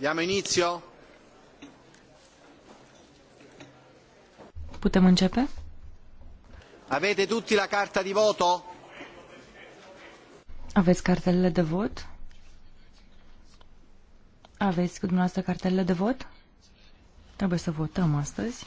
Diamo inizio? Putem începe? Avete tutti la carta di voto? Aveți cartelele de vot? Aveți cu dumneavoastră cartelele de vot? Trebuie să votăm astăzi.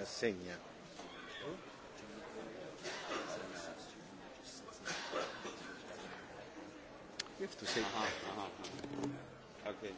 rassegna. You have to say. Uh -huh, uh -huh. Okay.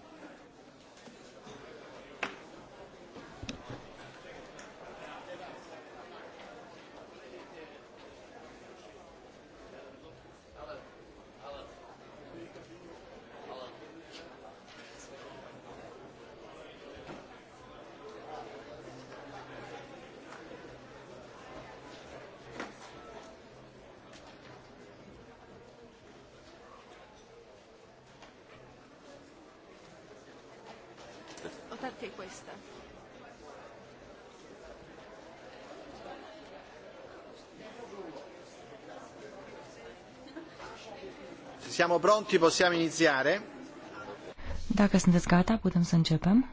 dedicata questa. Se siamo pronti possiamo iniziare. Dacă sunteți gata, putem să începem.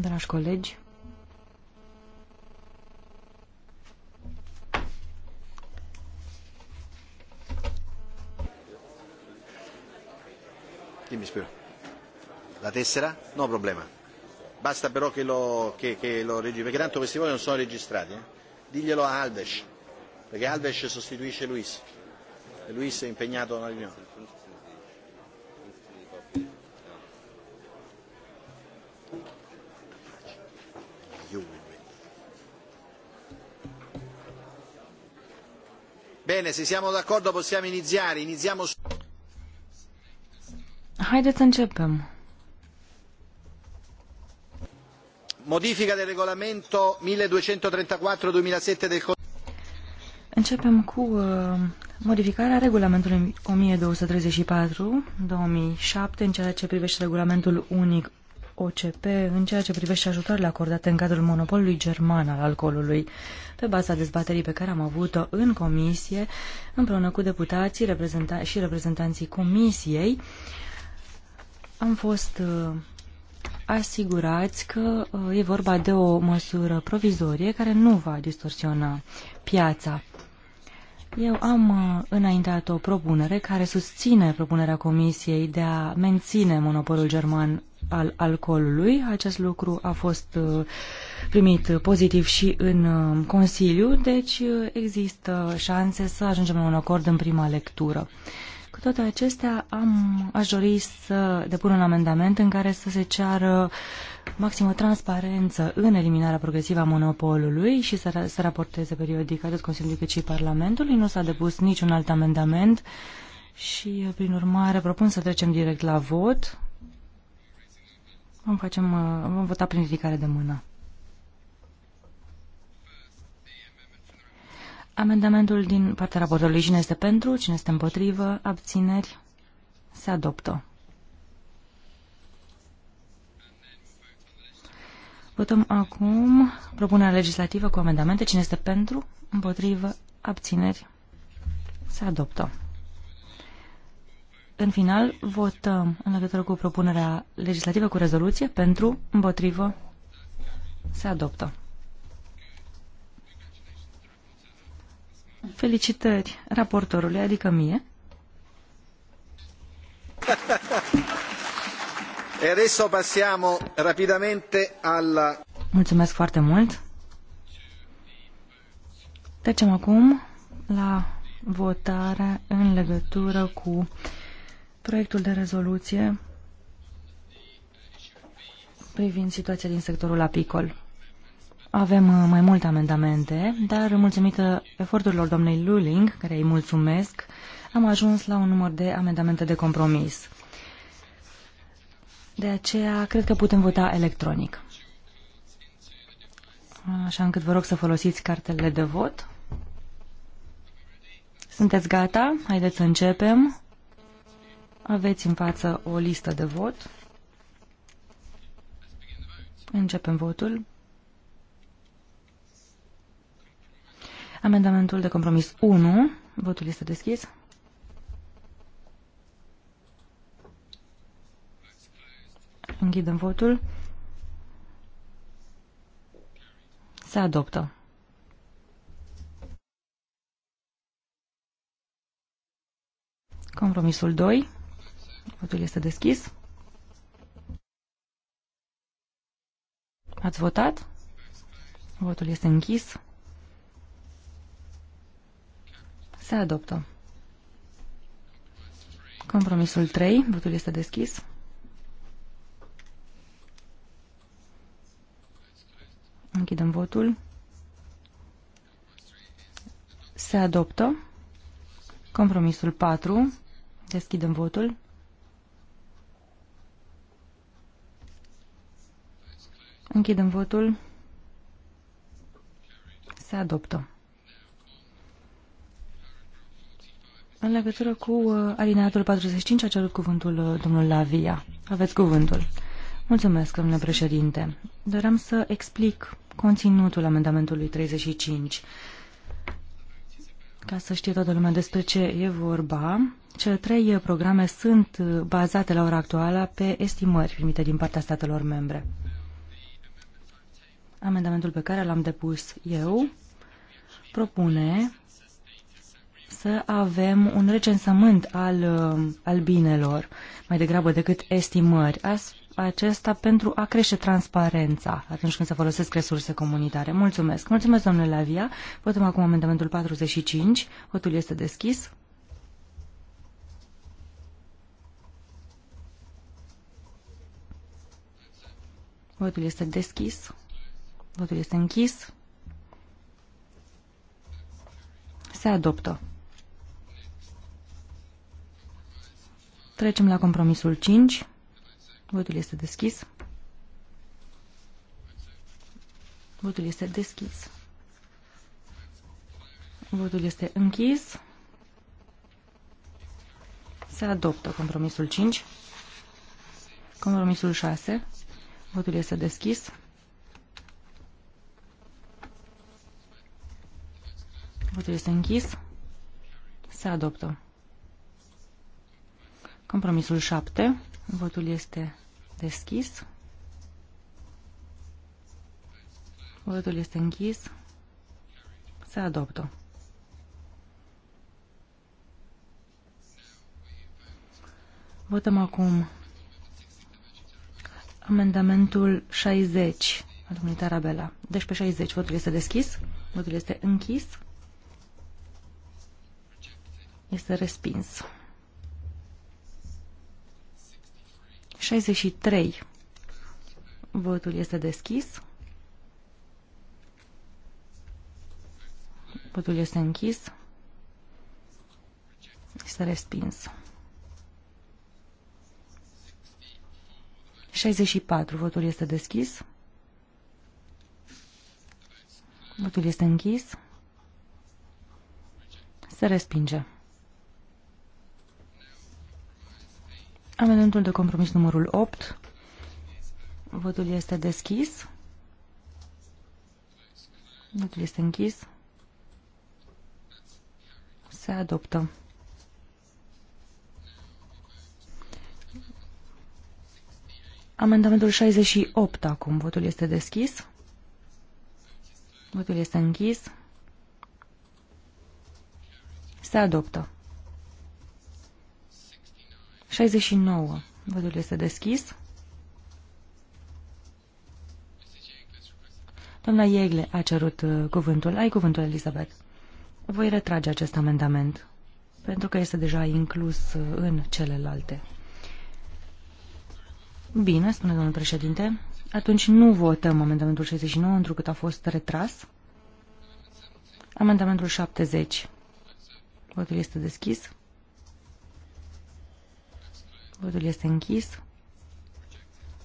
Dragi colegi, La tessera? No problema. Basta però che lo, che, che lo registri, perché tanto questi voti non sono registrati. Eh? Diglielo a Alves, perché Alves sostituisce Luis. E Luis è impegnato nella riunione. Bene, se siamo d'accordo possiamo iniziare. Iniziamo. Haideți să începem. Modifica del regolamento 1234-2007 del Începem cu uh, modificarea regulamentului 1234-2007 în ceea ce privește regulamentul unic OCP în ceea ce privește ajutoarele acordate în cadrul monopolului german al alcoolului, pe baza dezbaterii pe care am avut-o în comisie, împreună cu deputații reprezenta și reprezentanții comisiei, am fost uh, asigurați că uh, e vorba de o măsură provizorie care nu va distorsiona piața. Eu am uh, înaintat o propunere care susține propunerea Comisiei de a menține monopolul german al alcoolului. Acest lucru a fost uh, primit pozitiv și în Consiliu, deci există șanse să ajungem la un acord în prima lectură. Cu toate acestea, am, aș dori să depun un amendament în care să se ceară maximă transparență în eliminarea progresivă a monopolului și să, ra să raporteze periodic atât Consiliul cât și Parlamentului. Nu s-a depus niciun alt amendament și, prin urmare, propun să trecem direct la vot. Vom, facem, vom vota prin ridicare de mână. Amendamentul din partea raportorului cine este pentru, cine este împotrivă, abțineri, se adoptă. Votăm acum propunerea legislativă cu amendamente. Cine este pentru, împotrivă, abțineri, se adoptă. În final, votăm în legătură cu propunerea legislativă cu rezoluție pentru, împotrivă, se adoptă. Felicitări raportorului, adică mie. E adesso passiamo rapidamente alla... Mulțumesc foarte mult. Trecem acum la votare în legătură cu proiectul de rezoluție privind situația din sectorul apicol. Avem uh, mai multe amendamente, dar mulțumită eforturilor doamnei Luling, care îi mulțumesc, am ajuns la un număr de amendamente de compromis. De aceea, cred că putem vota electronic. Așa încât vă rog să folosiți cartele de vot. Sunteți gata? Haideți să începem. Aveți în față o listă de vot. Începem votul. Amendamentul de compromis 1. Votul este deschis. Închidem votul. Se adoptă. Compromisul 2. Votul este deschis. Ați votat? Votul este închis. Se adoptă. Compromisul 3. Votul este deschis. Închidem votul. Se adoptă. Compromisul 4. Deschidem votul. Închidem votul. Se adoptă. În legătură cu uh, alineatul 45 a cerut cuvântul uh, domnul Lavia. Aveți cuvântul. Mulțumesc, domnule președinte. Doream să explic conținutul amendamentului 35. Ca să știe toată lumea despre ce e vorba, cele trei uh, programe sunt bazate la ora actuală pe estimări primite din partea statelor membre. Amendamentul pe care l-am depus eu propune să avem un recensământ al uh, al binelor mai degrabă decât estimări, acesta pentru a crește transparența atunci când se folosesc resurse comunitare. Mulțumesc. Mulțumesc, domnule Lavia. Votăm acum amendamentul 45. Votul este deschis. Votul este deschis. Votul este închis. Se adoptă. Trecem la compromisul 5. Votul este deschis. Votul este deschis. Votul este închis. Se adoptă compromisul 5. Compromisul 6. Votul este deschis. Votul este închis. Se adoptă. Compromisul 7. Votul este deschis. Votul este închis. Se adoptă. Votăm acum amendamentul 60 al domnului Tarabela. Deci pe 60 votul este deschis, votul este închis, este respins. 63. Votul este deschis. Votul este închis. Este respins. 64. Votul este deschis. Votul este închis. Se respinge. Amendamentul de compromis numărul 8. Votul este deschis. Votul este închis. Se adoptă. Amendamentul 68 acum. Votul este deschis. Votul este închis. Se adoptă. 69. Vădul este deschis. Doamna Iegle a cerut uh, cuvântul. Ai cuvântul, Elizabeth. Voi retrage acest amendament, pentru că este deja inclus uh, în celelalte. Bine, spune domnul președinte. Atunci nu votăm amendamentul 69, întrucât a fost retras. Amendamentul 70. Votul este deschis. Votul este închis.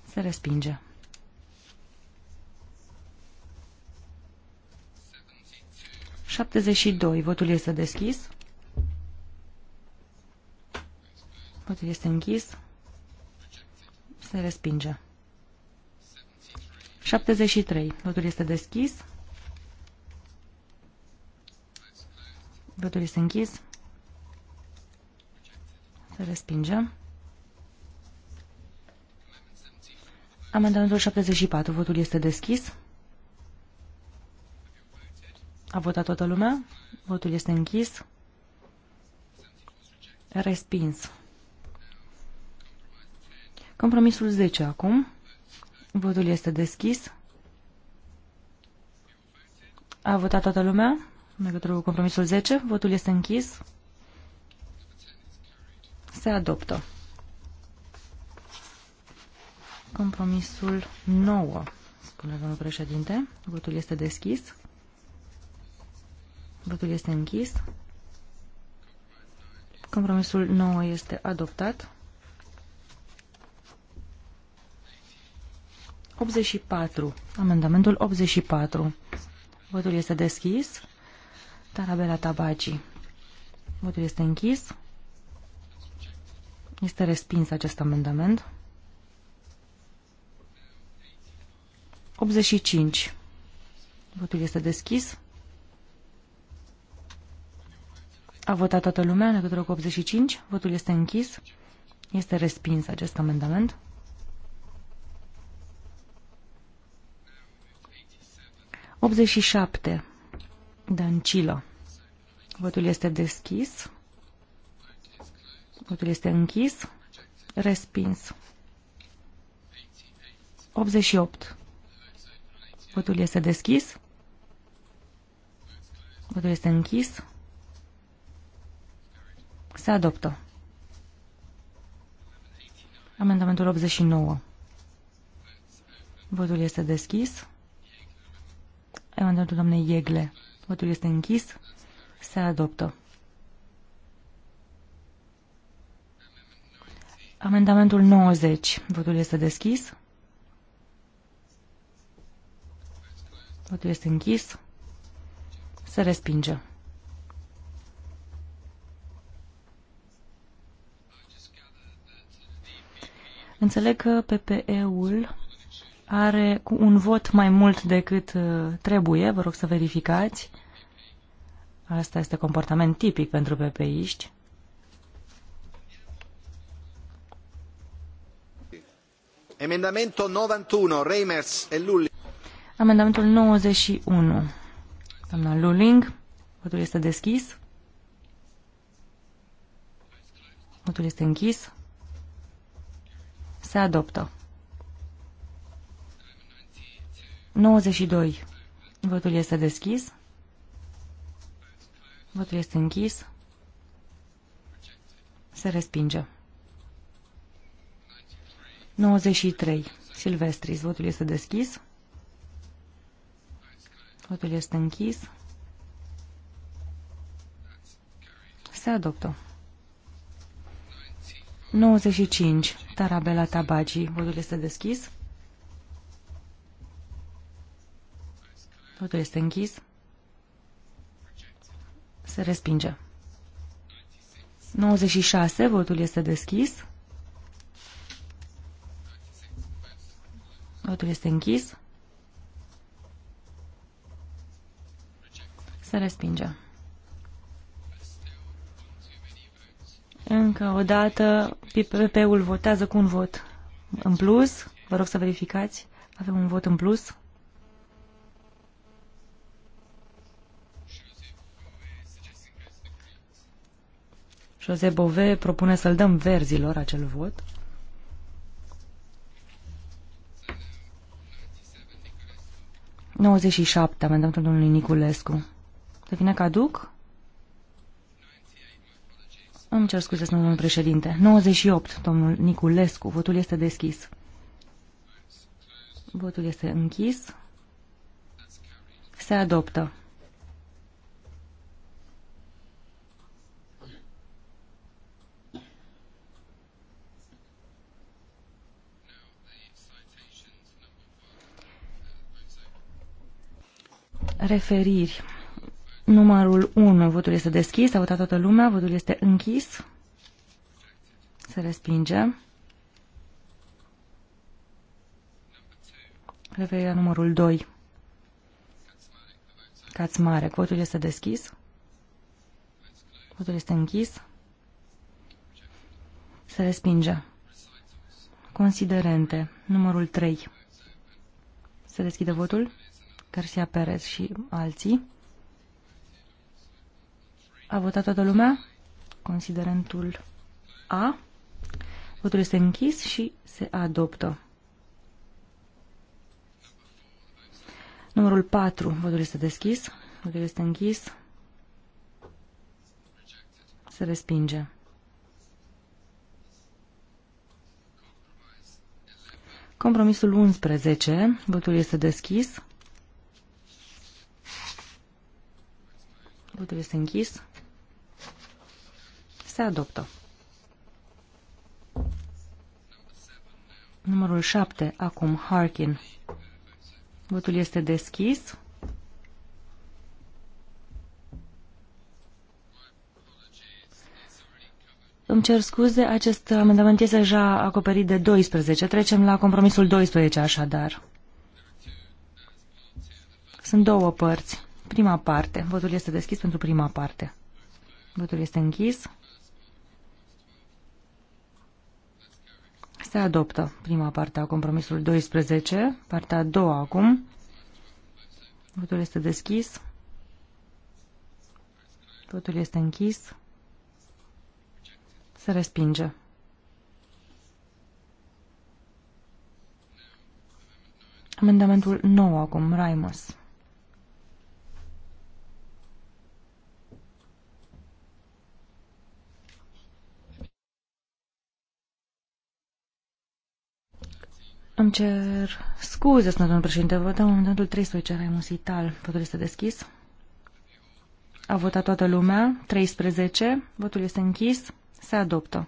Se respinge. 72. Votul este deschis. Votul este închis. Se respinge. 73. Votul este deschis. Votul este închis. Se respinge. Amendamentul 74. Votul este deschis. A votat toată lumea. Votul este închis. Respins. Compromisul 10 acum. Votul este deschis. A votat toată lumea Negătură cu compromisul 10. Votul este închis. Se adoptă. Compromisul 9, spune domnul președinte. Votul este deschis. Votul este închis. Compromisul 9 este adoptat. 84. Amendamentul 84. Votul este deschis. Tarabela Tabaci. Votul este închis. Este respins acest amendament. 85. Votul este deschis. A votat toată lumea ne cu 85. Votul este închis. Este respins acest amendament. 87. și Votul este deschis. Votul este închis. Respins. 88. Votul este deschis. Votul este închis. Se adoptă. Amendamentul 89. Votul este deschis. Amendamentul doamnei Iegle. Votul este închis. Se adoptă. Amendamentul 90. Votul este deschis. Votul este închis. Se respinge. Înțeleg că PPE-ul are un vot mai mult decât uh, trebuie, vă rog să verificați. Asta este comportament tipic pentru ppe ști Emendamentul 91, Reimers e Lulli. Amendamentul 91. Doamna Luling, votul este deschis. Votul este închis. Se adoptă. 92. Votul este deschis. Votul este închis. Se respinge. 93. Silvestris. Votul este deschis. Votul este închis. Se adoptă. 95. Tarabela Tabagi. Votul este deschis. Votul este închis. Se respinge. 96. Votul este deschis. Votul este închis. Se respinge. Încă o dată, ppp ul votează cu un vot în plus. Vă rog să verificați. Avem un vot în plus. Jose Bove propune să-l dăm verzilor acel vot. ...97, amendamentul domnului Niculescu. Devine caduc? Îmi cer scuze, domnul președinte. 98, domnul Niculescu. Votul este deschis. Votul este închis. Se adoptă. Referiri. Numărul 1, votul este deschis, a votat toată lumea, votul este închis. Se respinge. Referirea numărul 2. Cați mare. Votul este deschis. Votul este închis. Se respinge. Considerente. Numărul 3. Se deschide votul. Garcia Perez și alții. A votat toată lumea? Considerentul A. Votul este închis și se adoptă. Numărul 4. Votul este deschis. Votul este închis. Se respinge. Compromisul 11. Votul este deschis. Votul este închis se adoptă. Numărul 7, acum Harkin. Votul este deschis. Îmi cer scuze, acest amendament este deja acoperit de 12. Trecem la compromisul 12, așadar. Sunt două părți. Prima parte. Votul este deschis pentru prima parte. Votul este închis. Se adoptă prima parte a compromisului 12, partea a doua acum. Votul este deschis. Votul este închis. Se respinge. Amendamentul 9 acum, Raimus. Îmi cer scuze, spune domnul președinte, vă dau momentul 13 remusital. Votul este deschis. A votat toată lumea. 13. Votul este închis. Se adoptă.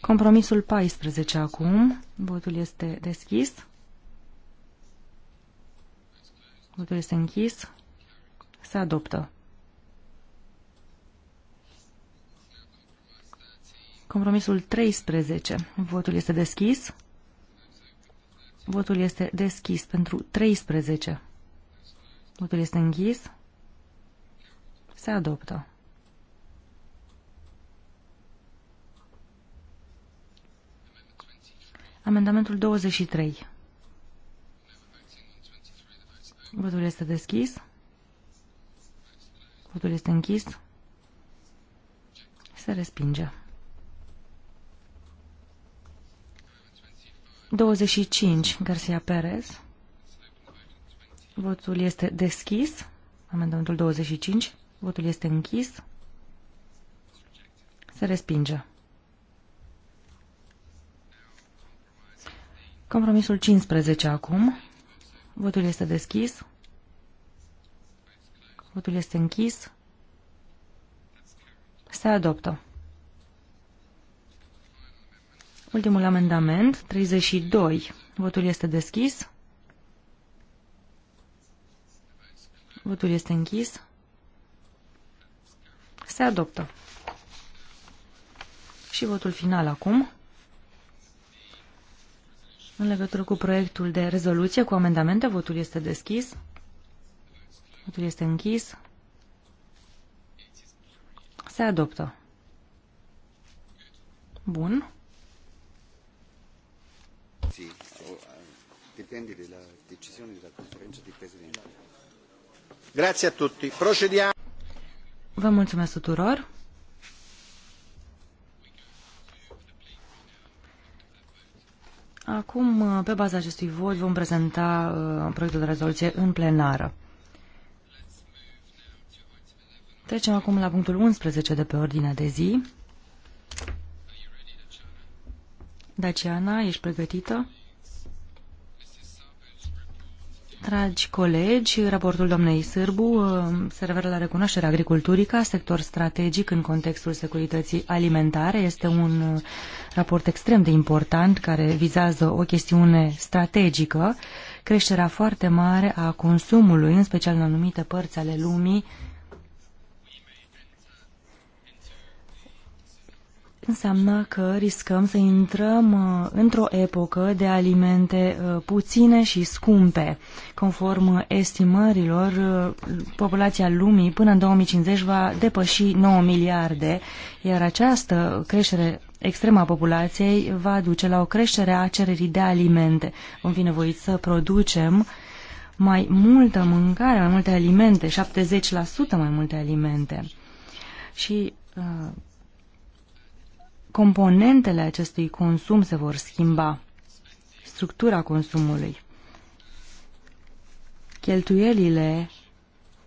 Compromisul 14 acum. Votul este deschis. Votul este închis. Se adoptă. Compromisul 13. Votul este deschis. Votul este deschis pentru 13. Votul este închis. Se adoptă. Amendamentul 23. Votul este deschis. Votul este închis. Se respinge. 25, Garcia Perez. Votul este deschis. Amendamentul 25. Votul este închis. Se respinge. Compromisul 15 acum. Votul este deschis. Votul este închis. Se adoptă. Ultimul amendament, 32. Votul este deschis. Votul este închis. Se adoptă. Și votul final acum. În legătură cu proiectul de rezoluție cu amendamente, votul este deschis. Votul este închis. Se adoptă. Bun. Sì, dipende dalla decisione della conferenza dei presidenti. Grazie a tutti. Procediamo. Vă mulțumesc tuturor. Acum, pe baza acestui vot, vom prezenta uh, proiectul de rezoluție în plenară. Trecem acum la punctul 11 de pe ordinea de zi. Daciana, ești pregătită? Dragi colegi, raportul domnei Sârbu uh, se referă la recunoașterea agriculturii ca sector strategic în contextul securității alimentare. Este un uh, raport extrem de important care vizează o chestiune strategică, creșterea foarte mare a consumului, în special în anumite părți ale lumii, înseamnă că riscăm să intrăm uh, într-o epocă de alimente uh, puține și scumpe. Conform estimărilor, uh, populația lumii până în 2050 va depăși 9 miliarde, iar această creștere extremă a populației va duce la o creștere a cererii de alimente. Vom fi nevoiți să producem mai multă mâncare, mai multe alimente, 70% mai multe alimente. Și componentele acestui consum se vor schimba, structura consumului. Cheltuielile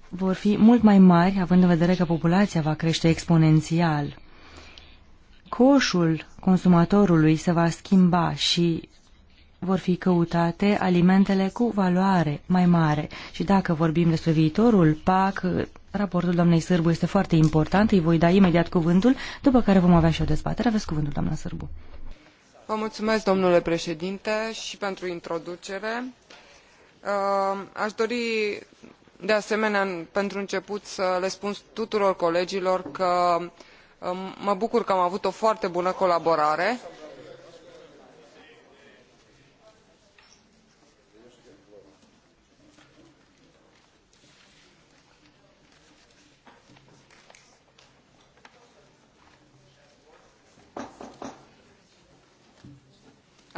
vor fi mult mai mari, având în vedere că populația va crește exponențial. Coșul consumatorului se va schimba și vor fi căutate alimentele cu valoare mai mare. Și dacă vorbim despre viitorul PAC, Raportul doamnei Sârbu este foarte important, îi voi da imediat cuvântul, după care vom avea și o dezbatere. Aveți cuvântul, doamna Sârbu. Vă mulțumesc, domnule președinte, și pentru introducere. Uh, aș dori, de asemenea, pentru început să le spun tuturor colegilor că uh, mă bucur că am avut o foarte bună colaborare.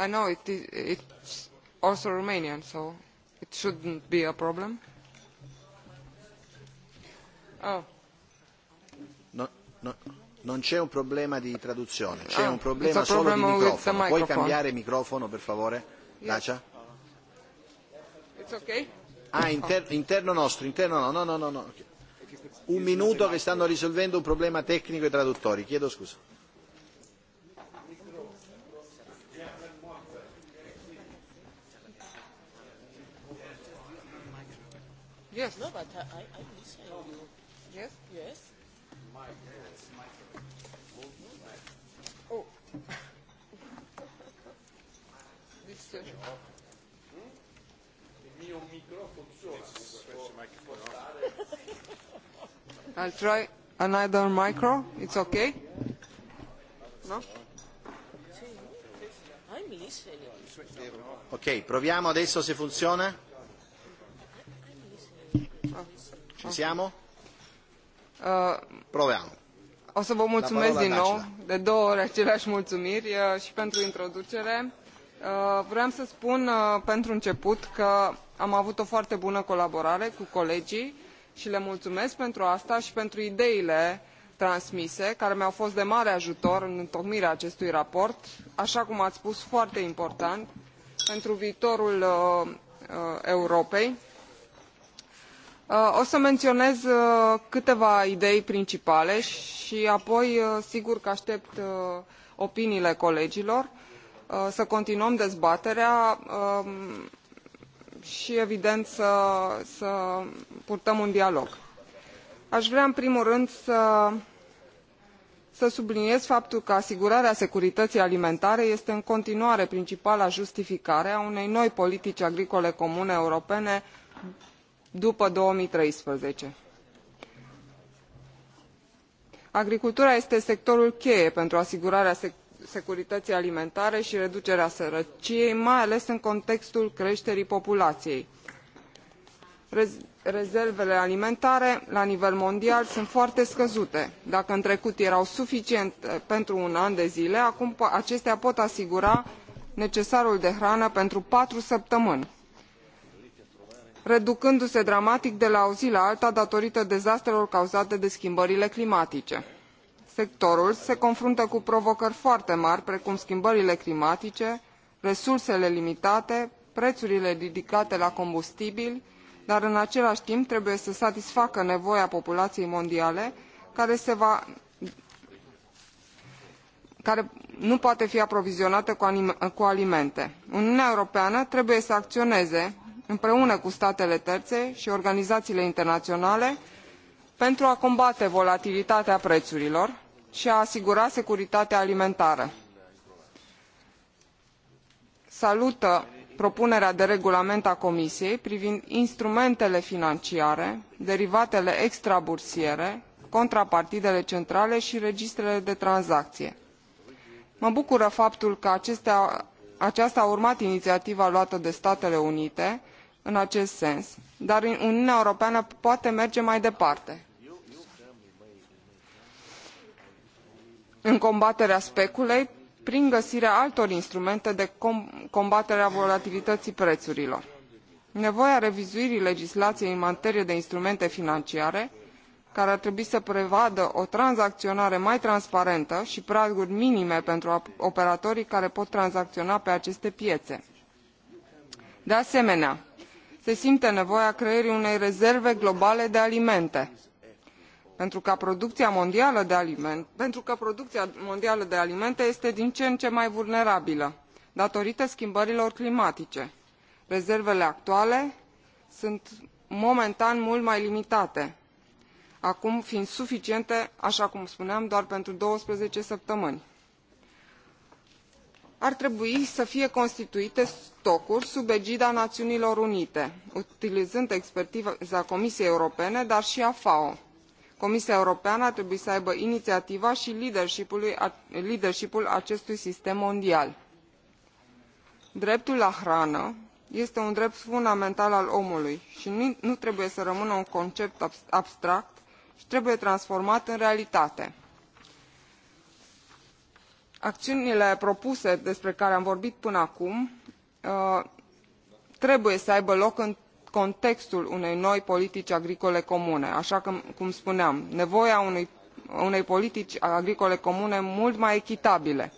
I know it, it's also Romanian, so it shouldn't be a problem. Oh. No, no, non c'è un problema di traduzione, c'è ah, un problema solo di microfono. Puoi cambiare microfono, per favore, Dacia? It's okay. Ah, inter oh. interno nostro, interno no, no, no, no. no. Un minuto che stanno risolvendo un problema tecnico ai traduttori, chiedo scusa Yes. No, but I, I, I listen. No. Yes. Yes. My, yes, my Oh. This. Il mio micro funziona. I'll try another micro. It's okay. No. Okay, proviamo adesso se funziona. Ci siamo? Uh, Proveam. O să vă mulțumesc din nou, de două ori aceleași mulțumiri uh, și pentru introducere. Uh, vreau să spun pentru început că am avut o foarte bună colaborare cu colegii și le mulțumesc pentru asta și pentru ideile transmise, care mi-au fost de mare ajutor în întocmirea acestui raport, așa cum ați spus, foarte important pentru viitorul Europei. Uh, Uh, o să menționez uh, câteva idei principale și apoi, uh, sigur că aștept opiniile colegilor, să continuăm dezbaterea um, și, evident, să, să purtăm un dialog. Aș vrea, în primul rând, să, să subliniez faptul că asigurarea securității alimentare este în continuare principala justificare a unei noi politici agricole comune europene după două mii treisprezece agricultura este sectorul cheie pentru asigurarea securităii alimentare i reducerea sărăciei mai ales în contextul creterii populaiei. rezervele alimentare la nivel mondial sunt foarte scăzute dacă în trecut erau suficiente pentru un an de zile acum acestea pot asigura necesarul de hrană pentru patru săptămâni reducându se dramatic de la o zi la alta datorită dezastrelor cauzate de schimbările climatice. sectorul se confruntă cu provocări foarte mari precum schimbările climatice resursele limitate preurile ridicate la combustibili dar în acelai timp trebuie să satisfacă nevoia populaiei mondiale care, va... care nu poate fi aprovizionată cu, cu alimente. uniunea europeană trebuie să acioneze împreună cu statele terțe și organizațiile internaționale pentru a combate volatilitatea prețurilor și a asigura securitatea alimentară. salută propunerea de regulament a comisiei privind instrumentele financiare derivatele extrabursiere contrapartidele centrale i registrele de tranzacie. mă bucură faptul că acestea, aceasta a urmat iniiativa luată de statele unite în acest sens dar uniunea europeană poate merge mai departe în combaterea speculei prin găsirea altor instrumente de combatere a volatilităii preurilor. nevoia revizuirii legislaiei în materie de instrumente financiare care ar trebui să prevadă o tranzacionare mai transparentă i praguri minime pentru operatorii care pot tranzaciona pe aceste piee. de asemenea se simte nevoia creării unei rezerve globale de alimente pentru că producția mondială de alimente, pentru că producția mondială de alimente este din ce în ce mai vulnerabilă datorită schimbărilor climatice. Rezervele actuale sunt momentan mult mai limitate, acum fiind suficiente, așa cum spuneam, doar pentru 12 săptămâni ar trebui să fie constituite stocuri sub egida naiunilor unite utilizând expertiza comisiei europene dar i a fao. comisia europeană ar trebui să aibă iniiativa i leadership ul acestui sistem mondial. dreptul la hrană este un drept fundamental al omului i nu trebuie să rămână un concept abstract ci trebuie transformat în realitate acțiunile propuse despre care am vorbit până acum uh, trebuie să aibă loc în contextul unei noi politici agricole comune așa cum spuneam nevoia unei politici agricole comune mult mai echitabile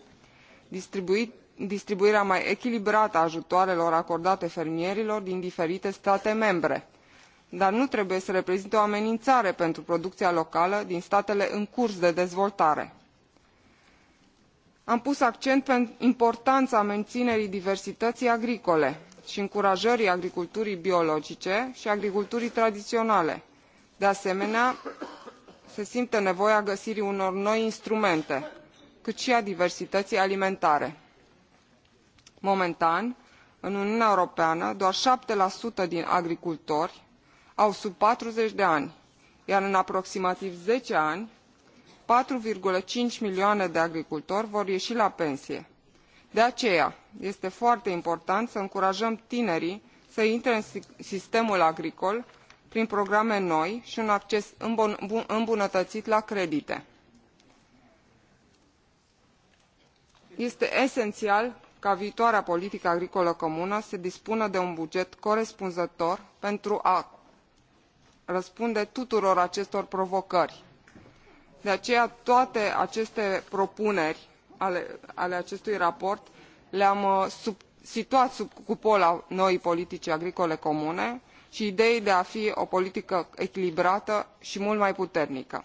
distribuirea mai echilibrată a ajutoarelor acordate fermierilor din diferite state membre dar nu trebuie să reprezinte o amenințare pentru producția locală din statele în curs de dezvoltare am pus accent pe importana meninerii diversităii agricole i încurajării agriculturii biologice i agriculturii tradiionale. de asemenea se simte nevoia găsirii unor noi instrumente cât i a diversităii alimentare. momentan în uniunea europeană doar șapte din agricultori au sub patruzeci de ani iar în aproximativ zece ani patru cinci milioane de agricultori vor iei la pensie de aceea este foarte important să încurajăm tinerii să intre în sistemul agricol prin programe noi i un acces îmbunătăit la credite. este esenial ca viitoarea politică agricolă comună să dispună de un buget corespunzător pentru a răspunde tuturor acestor provocări de aceea toate aceste propuneri ale, ale acestui raport le am uh, sub, situat sub cupola noii politici agricole comune i ideii de a fi o politică echilibrată i mult mai puternică.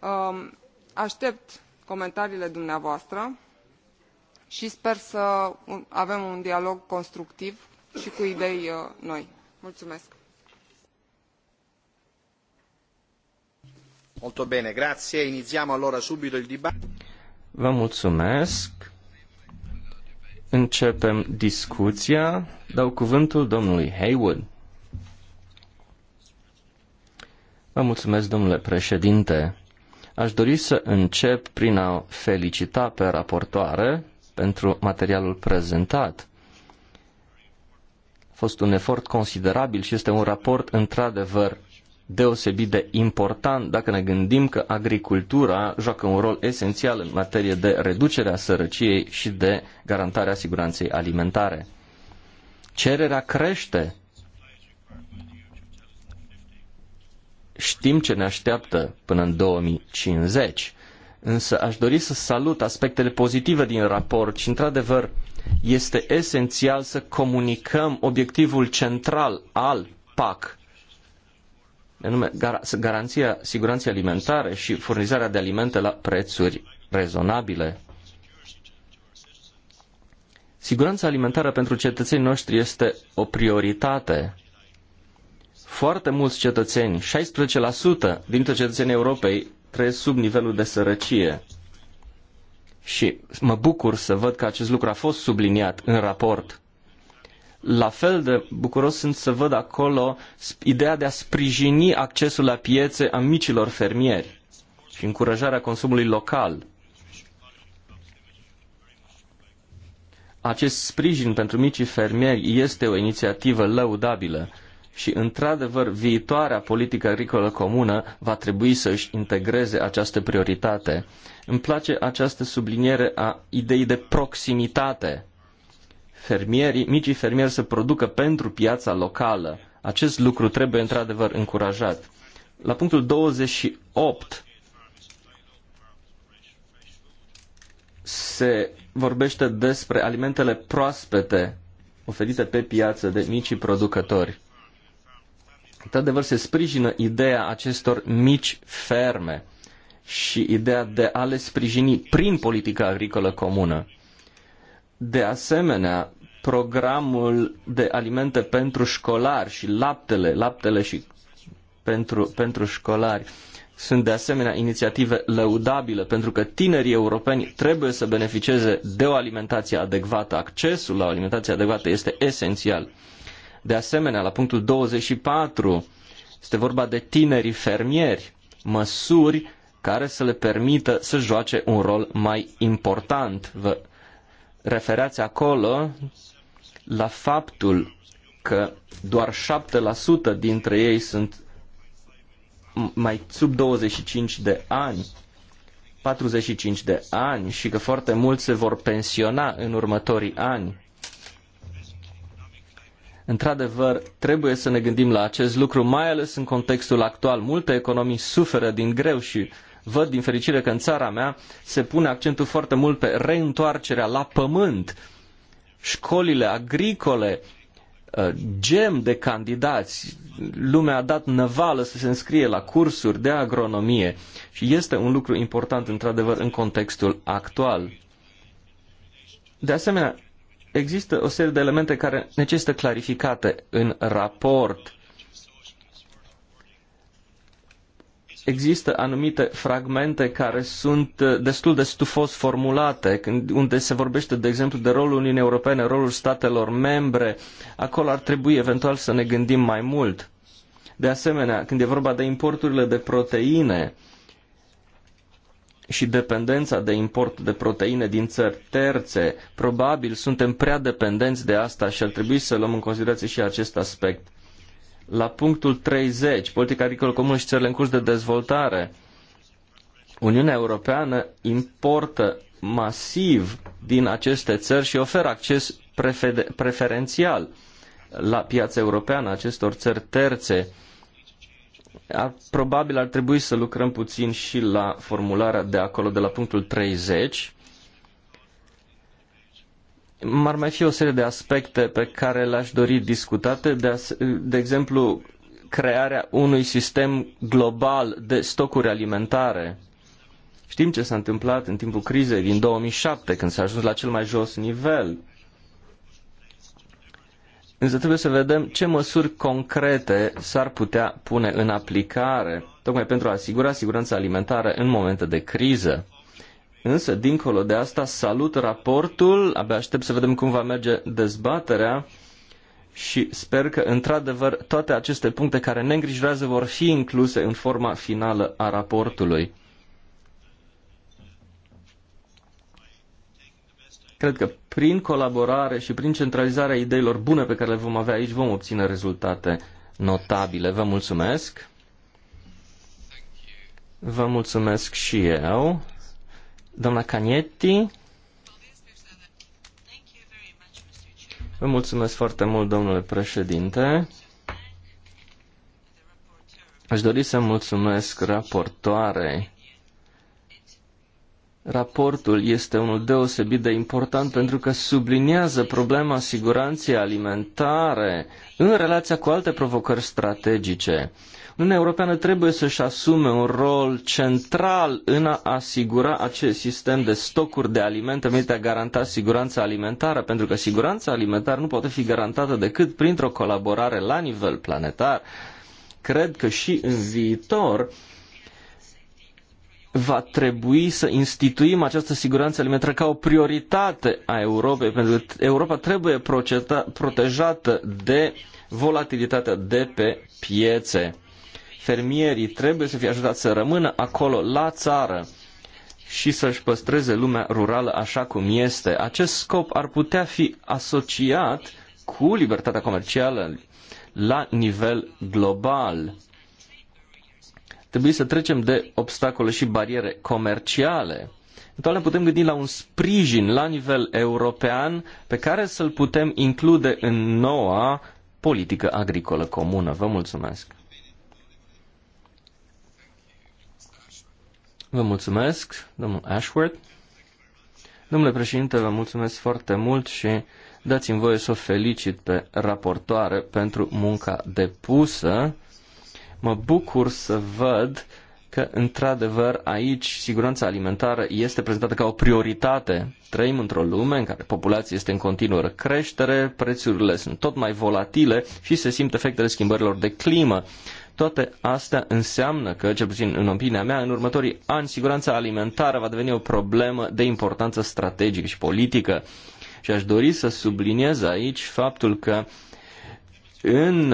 Um, atept comentariile dumneavoastră i sper să avem un dialog constructiv i cu idei uh, noi. Mulțumesc. Molto bene, grazie. Iniziamo allora subito il dibattito. Vă mulțumesc. Începem discuția. Dau cuvântul domnului Haywood. Vă mulțumesc, domnule președinte. Aș dori să încep prin a felicita pe raportoare pentru materialul prezentat. A fost un efort considerabil și este un raport într-adevăr deosebit de important dacă ne gândim că agricultura joacă un rol esențial în materie de reducere a sărăciei și de garantarea siguranței alimentare. Cererea crește. Știm ce ne așteaptă până în 2050, însă aș dori să salut aspectele pozitive din raport și, într-adevăr, este esențial să comunicăm obiectivul central al PAC anume garanția siguranței alimentare și furnizarea de alimente la prețuri rezonabile. Siguranța alimentară pentru cetățenii noștri este o prioritate. Foarte mulți cetățeni, 16% dintre cetățenii Europei, trăiesc sub nivelul de sărăcie. Și mă bucur să văd că acest lucru a fost subliniat în raport. La fel de bucuros sunt să văd acolo ideea de a sprijini accesul la piețe a micilor fermieri și încurajarea consumului local. Acest sprijin pentru micii fermieri este o inițiativă lăudabilă și, într-adevăr, viitoarea politică agricolă comună va trebui să își integreze această prioritate. Îmi place această subliniere a ideii de proximitate fermierii, micii fermieri să producă pentru piața locală. Acest lucru trebuie într-adevăr încurajat. La punctul 28 se vorbește despre alimentele proaspete oferite pe piață de micii producători. Într-adevăr, se sprijină ideea acestor mici ferme și ideea de a le sprijini prin politica agricolă comună. De asemenea, programul de alimente pentru școlari și laptele, laptele și pentru, pentru școlari sunt de asemenea inițiative lăudabile pentru că tinerii europeni trebuie să beneficieze de o alimentație adecvată. Accesul la o alimentație adecvată este esențial. De asemenea, la punctul 24 este vorba de tinerii fermieri, măsuri care să le permită să joace un rol mai important. Vă referați acolo la faptul că doar 7% dintre ei sunt mai sub 25 de ani, 45 de ani și că foarte mulți se vor pensiona în următorii ani. Într-adevăr, trebuie să ne gândim la acest lucru, mai ales în contextul actual. Multe economii suferă din greu și Văd din fericire că în țara mea se pune accentul foarte mult pe reîntoarcerea la pământ. Școlile agricole, uh, gem de candidați, lumea a dat năvală să se înscrie la cursuri de agronomie și este un lucru important într-adevăr în contextul actual. De asemenea, există o serie de elemente care necesită clarificate în raport. există anumite fragmente care sunt uh, destul de stufos formulate, unde se vorbește, de exemplu, de rolul Uniunii Europene, rolul statelor membre. Acolo ar trebui eventual să ne gândim mai mult. De asemenea, când e vorba de importurile de proteine și dependența de import de proteine din țări terțe, probabil suntem prea dependenți de asta și ar trebui să luăm în considerație și acest aspect. La punctul 30, politica agricolă comună și țările în curs de dezvoltare, Uniunea Europeană importă masiv din aceste țări și oferă acces preferențial la piața europeană acestor țări terțe. Ar, probabil ar trebui să lucrăm puțin și la formularea de acolo, de la punctul 30, ar mai fi o serie de aspecte pe care le-aș dori discutate, de, de exemplu, crearea unui sistem global de stocuri alimentare. Știm ce s-a întâmplat în timpul crizei din 2007, când s-a ajuns la cel mai jos nivel. Însă trebuie să vedem ce măsuri concrete s-ar putea pune în aplicare, tocmai pentru a asigura siguranța alimentară în momente de criză. Însă, dincolo de asta, salut raportul, abia aștept să vedem cum va merge dezbaterea și sper că, într-adevăr, toate aceste puncte care ne îngrijorează vor fi incluse în forma finală a raportului. Cred că prin colaborare și prin centralizarea ideilor bune pe care le vom avea aici vom obține rezultate notabile. Vă mulțumesc! Vă mulțumesc și eu! Doamna Canietti. Vă mulțumesc foarte mult, domnule președinte. Aș dori să mulțumesc raportoarei Raportul este unul deosebit de important pentru că subliniază problema siguranței alimentare în relația cu alte provocări strategice. Uniunea Europeană trebuie să-și asume un rol central în a asigura acest sistem de stocuri de alimente menite a garanta siguranța alimentară, pentru că siguranța alimentară nu poate fi garantată decât printr-o colaborare la nivel planetar. Cred că și în viitor va trebui să instituim această siguranță alimentară ca o prioritate a Europei, pentru că Europa trebuie protejată de volatilitatea de pe piețe. Fermierii trebuie să fie ajutați să rămână acolo, la țară, și să-și păstreze lumea rurală așa cum este. Acest scop ar putea fi asociat cu libertatea comercială la nivel global trebui să trecem de obstacole și bariere comerciale. Întotdeauna putem gândi la un sprijin la nivel european pe care să-l putem include în noua politică agricolă comună. Vă mulțumesc! Vă mulțumesc, domnul Ashworth. Domnule președinte, vă mulțumesc foarte mult și dați-mi voie să o felicit pe raportoare pentru munca depusă. Mă bucur să văd că, într-adevăr, aici siguranța alimentară este prezentată ca o prioritate. Trăim într-o lume în care populația este în continuă creștere, prețurile sunt tot mai volatile și se simt efectele schimbărilor de climă. Toate astea înseamnă că, cel puțin în opinia mea, în următorii ani, siguranța alimentară va deveni o problemă de importanță strategică și politică. Și aș dori să subliniez aici faptul că în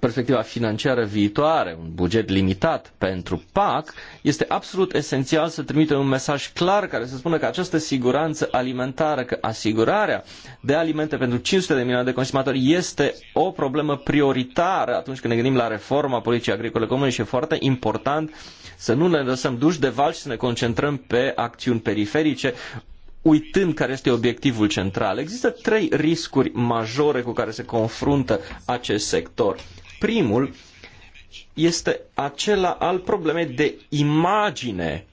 perspectiva financiară viitoare, un buget limitat pentru PAC, este absolut esențial să trimitem un mesaj clar care să spună că această siguranță alimentară, că asigurarea de alimente pentru 500 de milioane de consumatori este o problemă prioritară atunci când ne gândim la reforma politicii agricole comune și e foarte important să nu ne lăsăm duși de val și să ne concentrăm pe acțiuni periferice, uitând care este obiectivul central. Există trei riscuri majore cu care se confruntă acest sector. Primul este acela al problemei de imagine.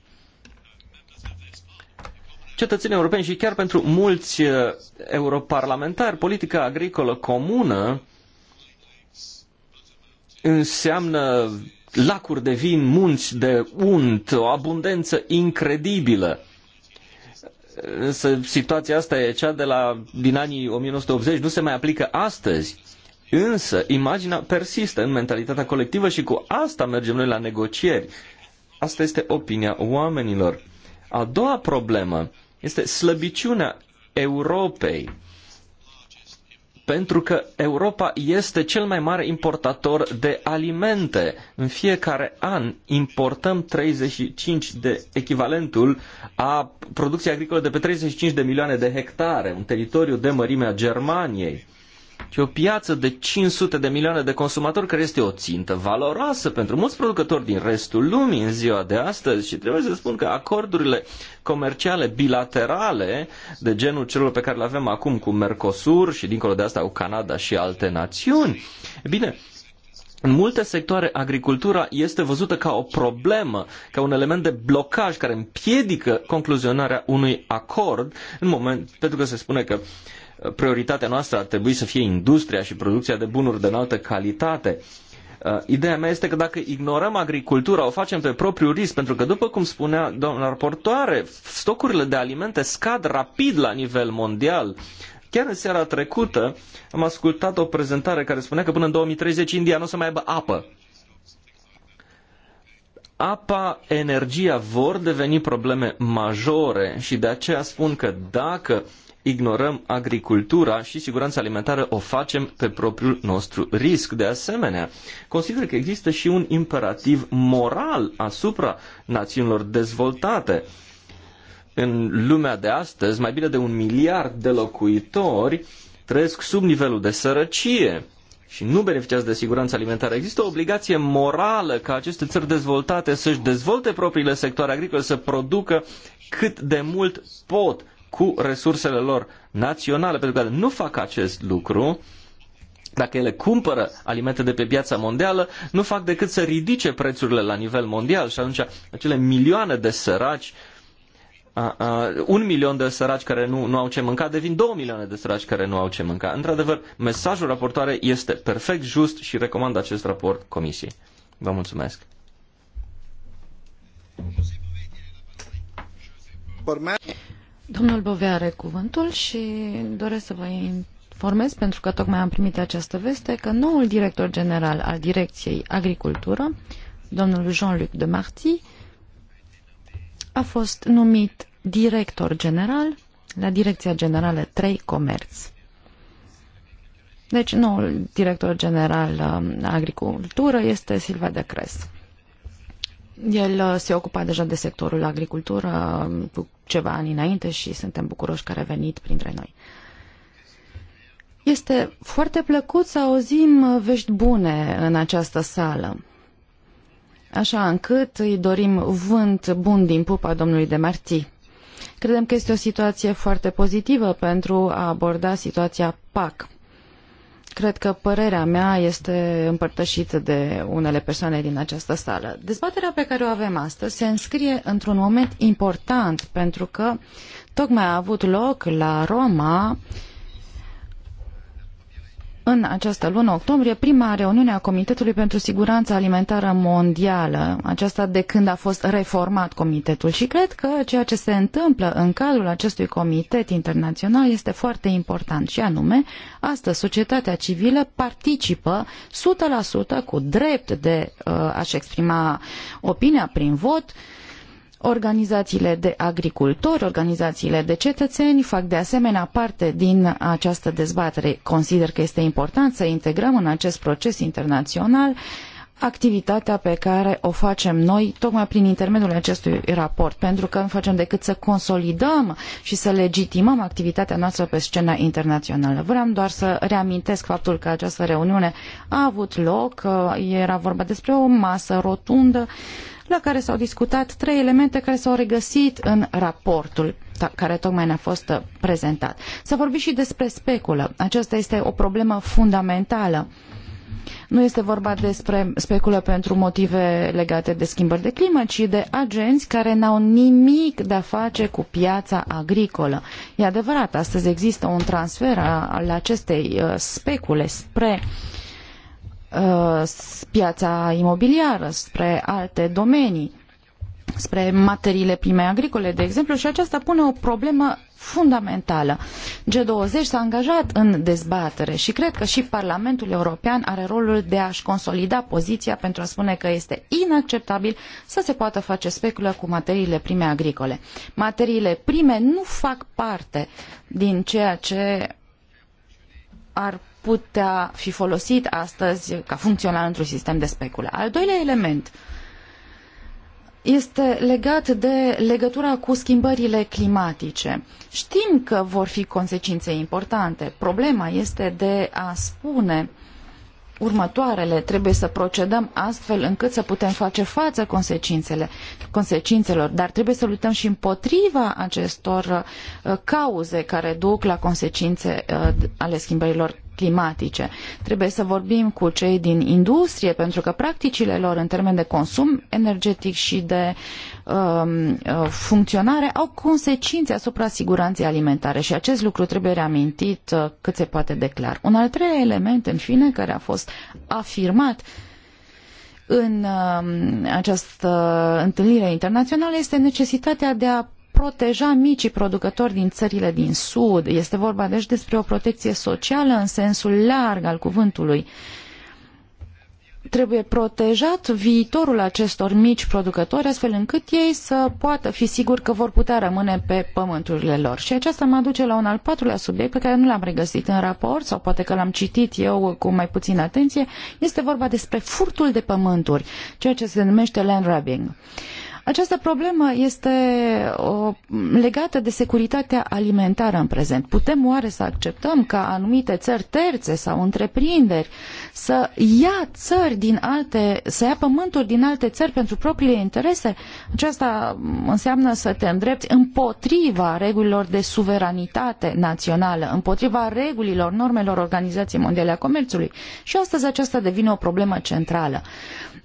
Cetățenii europeni și chiar pentru mulți uh, europarlamentari, politica agricolă comună înseamnă lacuri de vin, munți de unt, o abundență incredibilă. Însă situația asta e cea de la, din anii 1980, nu se mai aplică astăzi. Însă, imaginea persistă în mentalitatea colectivă și cu asta mergem noi la negocieri. Asta este opinia oamenilor. A doua problemă este slăbiciunea Europei. Pentru că Europa este cel mai mare importator de alimente. În fiecare an importăm 35 de echivalentul a producției agricole de pe 35 de milioane de hectare, un teritoriu de mărimea Germaniei ci o piață de 500 de milioane de consumatori, care este o țintă valoroasă pentru mulți producători din restul lumii în ziua de astăzi. Și trebuie să spun că acordurile comerciale bilaterale, de genul celor pe care le avem acum cu Mercosur și dincolo de asta cu Canada și alte națiuni, e bine, în multe sectoare, agricultura este văzută ca o problemă, ca un element de blocaj care împiedică concluzionarea unui acord, în moment, pentru că se spune că prioritatea noastră ar trebui să fie industria și producția de bunuri de înaltă calitate. Uh, ideea mea este că dacă ignorăm agricultura, o facem pe propriu risc, pentru că, după cum spunea doamna raportoare, stocurile de alimente scad rapid la nivel mondial. Chiar în seara trecută am ascultat o prezentare care spunea că până în 2030 India nu o să mai aibă apă. Apa, energia vor deveni probleme majore și de aceea spun că dacă uh, ignorăm agricultura și siguranța alimentară o facem pe propriul nostru risc. De asemenea, consider că există și un imperativ moral asupra națiunilor dezvoltate. În lumea de astăzi, mai bine de un miliard de locuitori trăiesc sub nivelul de sărăcie și nu beneficiază de siguranță alimentară. Există o obligație morală ca aceste țări dezvoltate să-și dezvolte propriile sectoare agricole, să producă cât de mult pot cu resursele lor naționale, pentru că nu fac acest lucru, dacă ele cumpără alimente de pe piața mondială, nu fac decât să ridice prețurile la nivel mondial și atunci acele milioane de săraci, a, a, un milion de săraci care nu, nu au ce mânca, devin două milioane de săraci care nu au ce mânca. Într-adevăr, mesajul raportoare este perfect just și recomand acest raport comisiei. Vă mulțumesc. Urmează Domnul Bovea are cuvântul și doresc să vă informez, pentru că tocmai am primit această veste, că noul director general al Direcției Agricultură, domnul Jean-Luc de Marti, a fost numit director general la Direcția Generală 3 Comerț. Deci, noul director general la um, agricultură este Silva de Cres. El uh, se ocupa deja de sectorul agricultură um, cu ceva ani înainte și suntem bucuroși că a revenit printre noi. Este foarte plăcut să auzim uh, vești bune în această sală. Așa încât îi dorim vânt bun din pupa domnului de Marti. Credem că este o situație foarte pozitivă pentru a aborda situația PAC. Cred că părerea mea este împărtășită de unele persoane din această sală. Dezbaterea pe care o avem astăzi se înscrie într-un moment important pentru că tocmai a avut loc la Roma uh, în această lună octombrie prima reuniune a Comitetului pentru Siguranța Alimentară Mondială, aceasta de când a fost reformat comitetul și cred că ceea ce se întâmplă în cadrul acestui comitet internațional este foarte important și anume, astăzi societatea civilă participă 100% cu drept de uh, a-și exprima opinia prin vot uh, Organizațiile de agricultori, organizațiile de cetățeni fac de asemenea parte din această dezbatere. Consider că este important să integrăm în acest proces internațional activitatea pe care o facem noi tocmai prin intermediul acestui raport, pentru că nu facem decât să consolidăm și să legitimăm activitatea noastră pe scena internațională. Vreau doar să reamintesc faptul că această reuniune a avut loc, uh, era vorba despre o masă rotundă la care s-au discutat trei elemente care s-au regăsit în raportul care tocmai ne-a fost uh, prezentat. S-a vorbit și despre speculă. Aceasta este o problemă fundamentală. Nu este vorba despre speculă pentru motive legate de schimbări de climă, ci de agenți care n-au nimic de a face cu piața agricolă. E adevărat, astăzi există un transfer al acestei uh, specule spre uh, Uh, piața imobiliară, spre alte domenii, spre materiile prime agricole, de exemplu, și aceasta pune o problemă fundamentală. G20 s-a angajat în dezbatere și cred că și Parlamentul European are rolul de a-și consolida poziția pentru a spune că este inacceptabil să se poată face speculă cu materiile prime agricole. Materiile prime nu fac parte din ceea ce ar putea fi folosit astăzi ca funcțional într-un sistem de speculă. Al doilea element este legat de legătura cu schimbările climatice. Știm că vor fi consecințe importante. Problema este de a spune următoarele. Trebuie să procedăm astfel încât să putem face față consecințele, consecințelor, dar trebuie să luptăm și împotriva acestor uh, cauze care duc la consecințe uh, ale schimbărilor climatice. Trebuie să vorbim cu cei din industrie, pentru că practicile lor în termen de consum energetic și de um, uh, funcționare au consecințe asupra siguranței alimentare și acest lucru trebuie reamintit uh, cât se poate de clar. Un al treilea element, în fine, care a fost afirmat în um, această întâlnire internațională este necesitatea de a proteja micii producători din țările din Sud. Este vorba deci despre o protecție socială în sensul larg al cuvântului. Trebuie protejat viitorul acestor mici producători astfel încât ei să poată fi siguri că vor putea rămâne pe pământurile lor. Și aceasta mă aduce la un al patrulea subiect pe care nu l-am regăsit în raport sau poate că l-am citit eu cu mai puțină atenție. Este vorba despre furtul de pământuri, ceea ce se numește land grabbing. Uh, această problemă este o, legată de securitatea alimentară în prezent. Putem oare să acceptăm ca anumite țări terțe sau întreprinderi să ia țări din alte, să ia pământuri din alte țări pentru propriile interese, aceasta înseamnă să te îndrepți împotriva regulilor de suveranitate națională, împotriva regulilor, normelor Organizației Mondiale a Comerțului. Și astăzi aceasta devine o problemă centrală.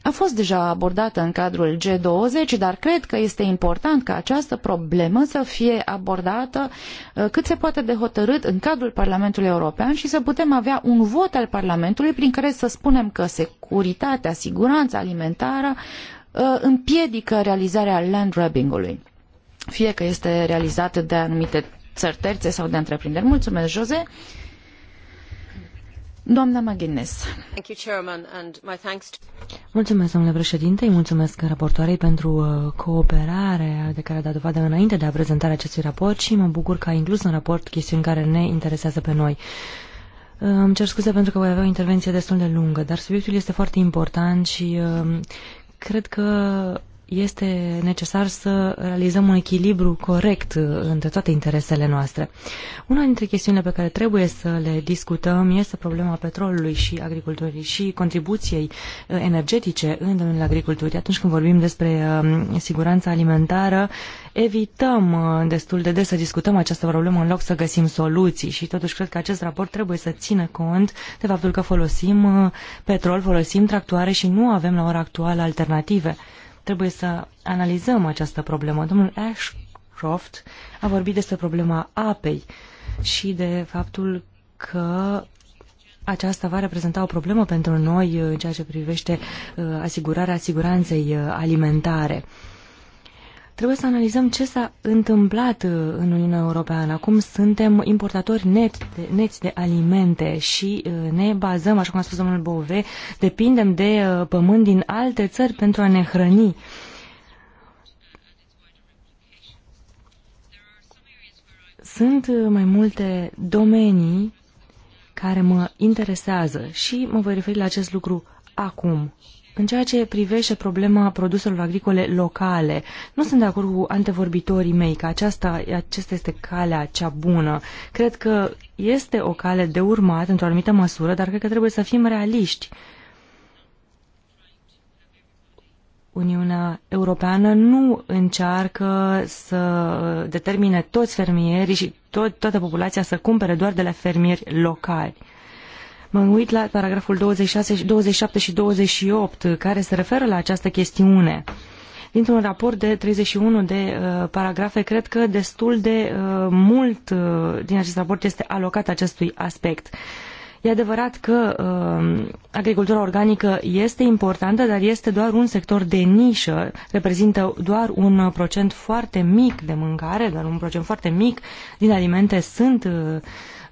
A fost deja abordată în cadrul G20, dar cred că este important ca această problemă să fie abordată uh, cât se poate de hotărât în cadrul Parlamentului European și să putem avea un vot al Parlamentului prin care cred să spunem că securitatea, siguranța alimentară uh, împiedică realizarea land grabbing-ului, fie că este realizată de anumite țări terțe sau de întreprinderi. Mulțumesc, Jose! Doamna McGuinness. Mulțumesc, domnule președinte, îi mulțumesc raportoarei pentru uh, cooperare de care a dat dovadă înainte de a prezentarea acestui raport și mă bucur că a inclus în raport chestiuni care ne interesează pe noi. Îmi cer scuze pentru că voi avea o intervenție destul de lungă, dar subiectul este foarte important și um, cred că este necesar să realizăm un echilibru corect uh, între toate interesele noastre. Una dintre chestiunile pe care trebuie să le discutăm este problema petrolului și agriculturii și contribuției uh, energetice în domeniul agriculturii. Atunci când vorbim despre um, siguranța alimentară, evităm uh, destul de des să discutăm această problemă în loc să găsim soluții și totuși cred că acest raport trebuie să țină cont de faptul că folosim uh, petrol, folosim tractoare și nu avem la ora actuală alternative. Trebuie să analizăm această problemă. Domnul Ashcroft a vorbit despre problema apei și de faptul că aceasta va reprezenta o problemă pentru noi uh, în ceea ce privește asigurarea siguranței alimentare. Trebuie să analizăm ce s-a întâmplat uh, în Uniunea Europeană. Acum suntem importatori net de, neți de alimente și uh, ne bazăm, așa cum a spus domnul Bove, depindem de uh, pământ din alte țări pentru a ne hrăni. Sunt mai multe domenii care mă interesează și mă voi referi la acest lucru acum. În ceea ce privește problema produselor agricole locale, nu sunt de acord cu antevorbitorii mei că aceasta, aceasta este calea cea bună. Cred că este o cale de urmat într-o anumită măsură, dar cred că trebuie să fim realiști. Uniunea Europeană nu încearcă să determine toți fermierii și tot, toată populația să cumpere doar de la fermieri locali. M-am uit la paragraful 26, 27 și 28 care se referă la această chestiune. Dintr-un raport de 31 de uh, paragrafe, cred că destul de uh, mult uh, din acest raport este alocat acestui aspect. E adevărat că uh, agricultura organică este importantă, dar este doar un sector de nișă, reprezintă doar un uh, procent foarte mic de mâncare, doar un procent foarte mic din alimente sunt uh,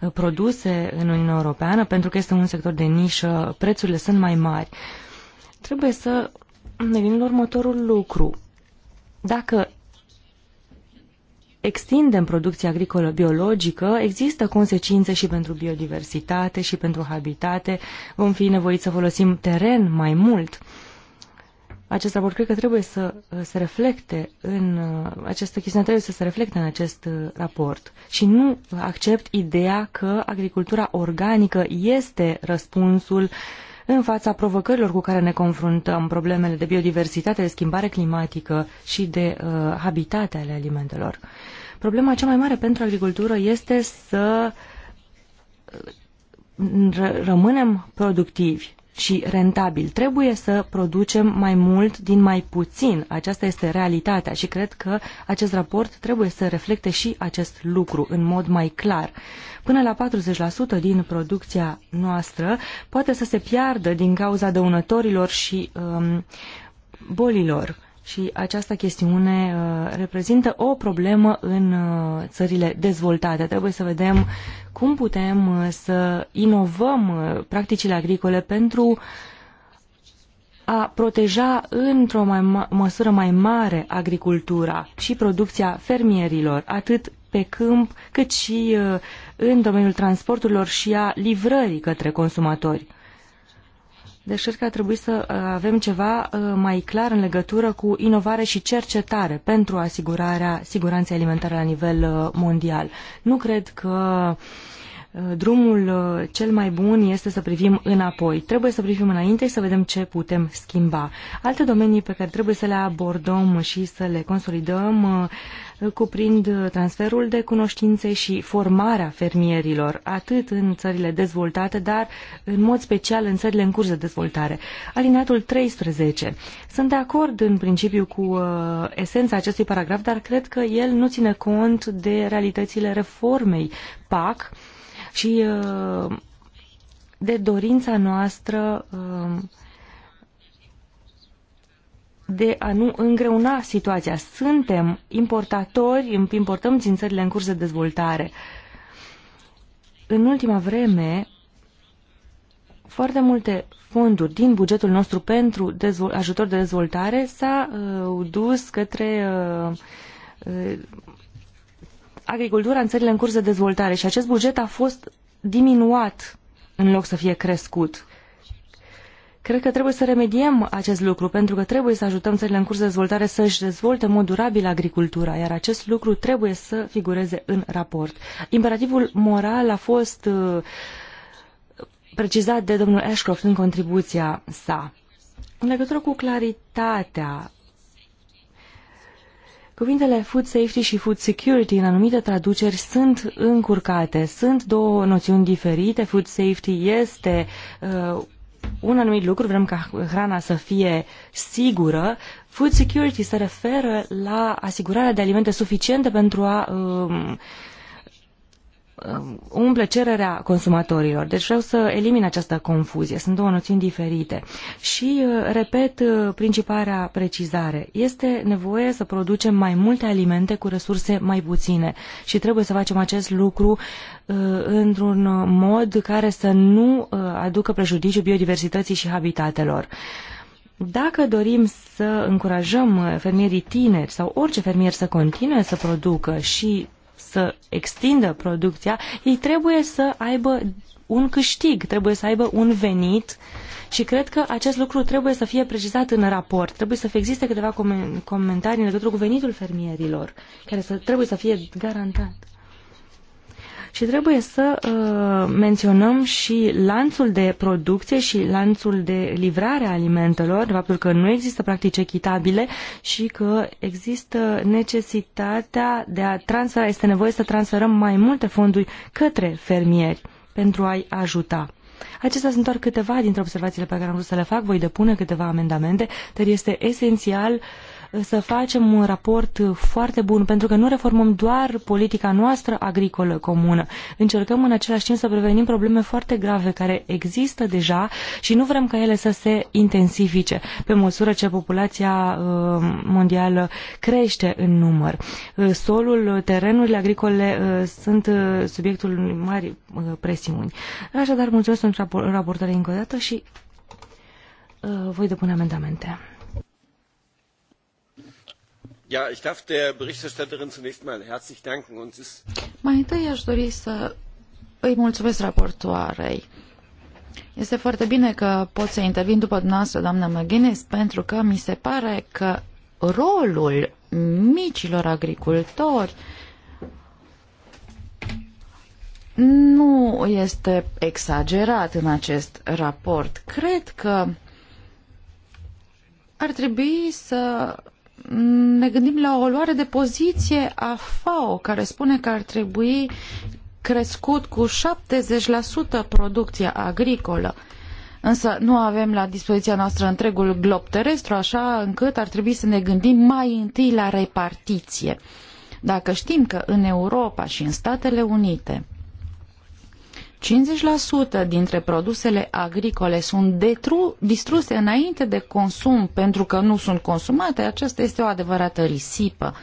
produse în Uniunea Europeană, pentru că este un sector de nișă, prețurile sunt mai mari. Trebuie să ne gândim la următorul lucru. Dacă extindem producția agricolă biologică, există consecințe și pentru biodiversitate și pentru habitate. Vom fi nevoiți să folosim teren mai mult. Uh, acest raport cred că trebuie să uh, se reflecte în uh, această chestiune trebuie să se reflecte în acest uh, raport și nu accept ideea că agricultura organică este răspunsul în fața provocărilor cu care ne confruntăm, problemele de biodiversitate, de schimbare climatică și de uh, habitate ale alimentelor. Problema cea mai mare pentru agricultură este să rămânem productivi, și rentabil. Trebuie să producem mai mult din mai puțin. Aceasta este realitatea și cred că acest raport trebuie să reflecte și acest lucru în mod mai clar. Până la 40% din producția noastră poate să se piardă din cauza dăunătorilor și um, bolilor și această chestiune uh, reprezintă o problemă în uh, țările dezvoltate. Trebuie să vedem cum putem uh, să inovăm practicile agricole pentru a proteja într-o mai ma măsură mai mare agricultura și producția fermierilor, atât pe câmp, cât și în domeniul transporturilor și a livrării către consumatori. Deci cred că ar trebui să uh, avem ceva uh, mai clar în legătură cu inovare și cercetare pentru asigurarea siguranței alimentare la nivel uh, mondial. Nu cred că uh, Eh, drumul eh, cel mai bun este să privim înapoi. Trebuie să privim înainte și să vedem ce putem schimba. Alte domenii pe care trebuie să le abordăm și să le consolidăm eh, cuprind transferul de cunoștințe și formarea fermierilor, atât în țările dezvoltate, dar în mod special în țările în curs de dezvoltare. Alineatul 13. Sunt de acord în principiu cu esența acestui paragraf, dar cred că el nu ține cont de realitățile reformei PAC, și uh, de dorința noastră um, de a nu îngreuna situația. Suntem importatori, importăm din țările în curs de dezvoltare. În ultima vreme, foarte multe fonduri din bugetul nostru pentru ajutor de dezvoltare s au uh, dus către uh, agricultura în țările în curs de dezvoltare și acest buget a fost diminuat în loc să fie crescut. Cred că trebuie să remediem acest lucru, pentru că trebuie să ajutăm țările în curs de dezvoltare să își dezvolte în mod durabil agricultura, iar acest lucru trebuie să figureze în raport. Imperativul moral a fost uh, precizat de domnul Ashcroft în contribuția sa. În legătură cu claritatea Cuvintele food safety și food security în anumite traduceri sunt încurcate, sunt două noțiuni diferite. Food safety este uh, un anumit lucru, vrem ca hrana să fie sigură. Food security se referă la asigurarea de alimente suficiente pentru a uh, Um, umple cererea consumatorilor. Deci vreau să elimin această confuzie. Sunt două noțiuni diferite. Și, uh, repet, uh, principarea precizare. Este nevoie să producem mai multe alimente cu resurse mai puține și trebuie să facem acest lucru uh, într-un mod care să nu aducă prejudiciu biodiversității și habitatelor. Dacă dorim să încurajăm fermierii tineri sau orice fermier să continue să producă și să extindă producția, ei trebuie să aibă un câștig, trebuie să aibă un venit și cred că acest lucru trebuie să fie precizat în raport. Trebuie să fie existe câteva comentarii în legătură cu venitul fermierilor, care să, trebuie să fie garantat. Și trebuie să uh, menționăm și lanțul de producție și lanțul de livrare a alimentelor, de faptul că nu există practici echitabile și că există necesitatea de a transfera, este nevoie să transferăm mai multe fonduri către fermieri pentru a-i ajuta. Acestea sunt doar câteva dintre observațiile pe care am vrut să le fac, voi depune câteva amendamente, dar este esențial uh, să facem un raport foarte bun, pentru că nu reformăm doar politica noastră agricolă comună. Încercăm în același timp să prevenim probleme foarte grave care există deja și nu vrem ca ele să se intensifice pe măsură ce populația uh, mondială crește în număr. Uh, solul, terenurile agricole uh, sunt subiectul mari presiuni. Așadar, mulțumesc pentru raportare încă o dată și voi depune amendamente ich darf der Berichterstatterin zunächst mal herzlich danken und Mai întâi aș dori să îi mulțumesc raportoarei. Este foarte bine că pot să intervin după dumneavoastră, doamnă McGuinness, pentru că mi se pare că rolul micilor agricultori nu este exagerat în acest raport. Cred că ar trebui să ne gândim la o luare de poziție a FAO, care spune că ar trebui crescut cu 70% producția agricolă. Însă nu avem la dispoziția noastră întregul glob terestru, așa încât ar trebui să ne gândim mai întâi la repartiție. Dacă știm că în Europa și în Statele Unite 50% dintre produsele agricole sunt detru, distruse înainte de consum pentru că nu sunt consumate, aceasta este o adevărată risipă.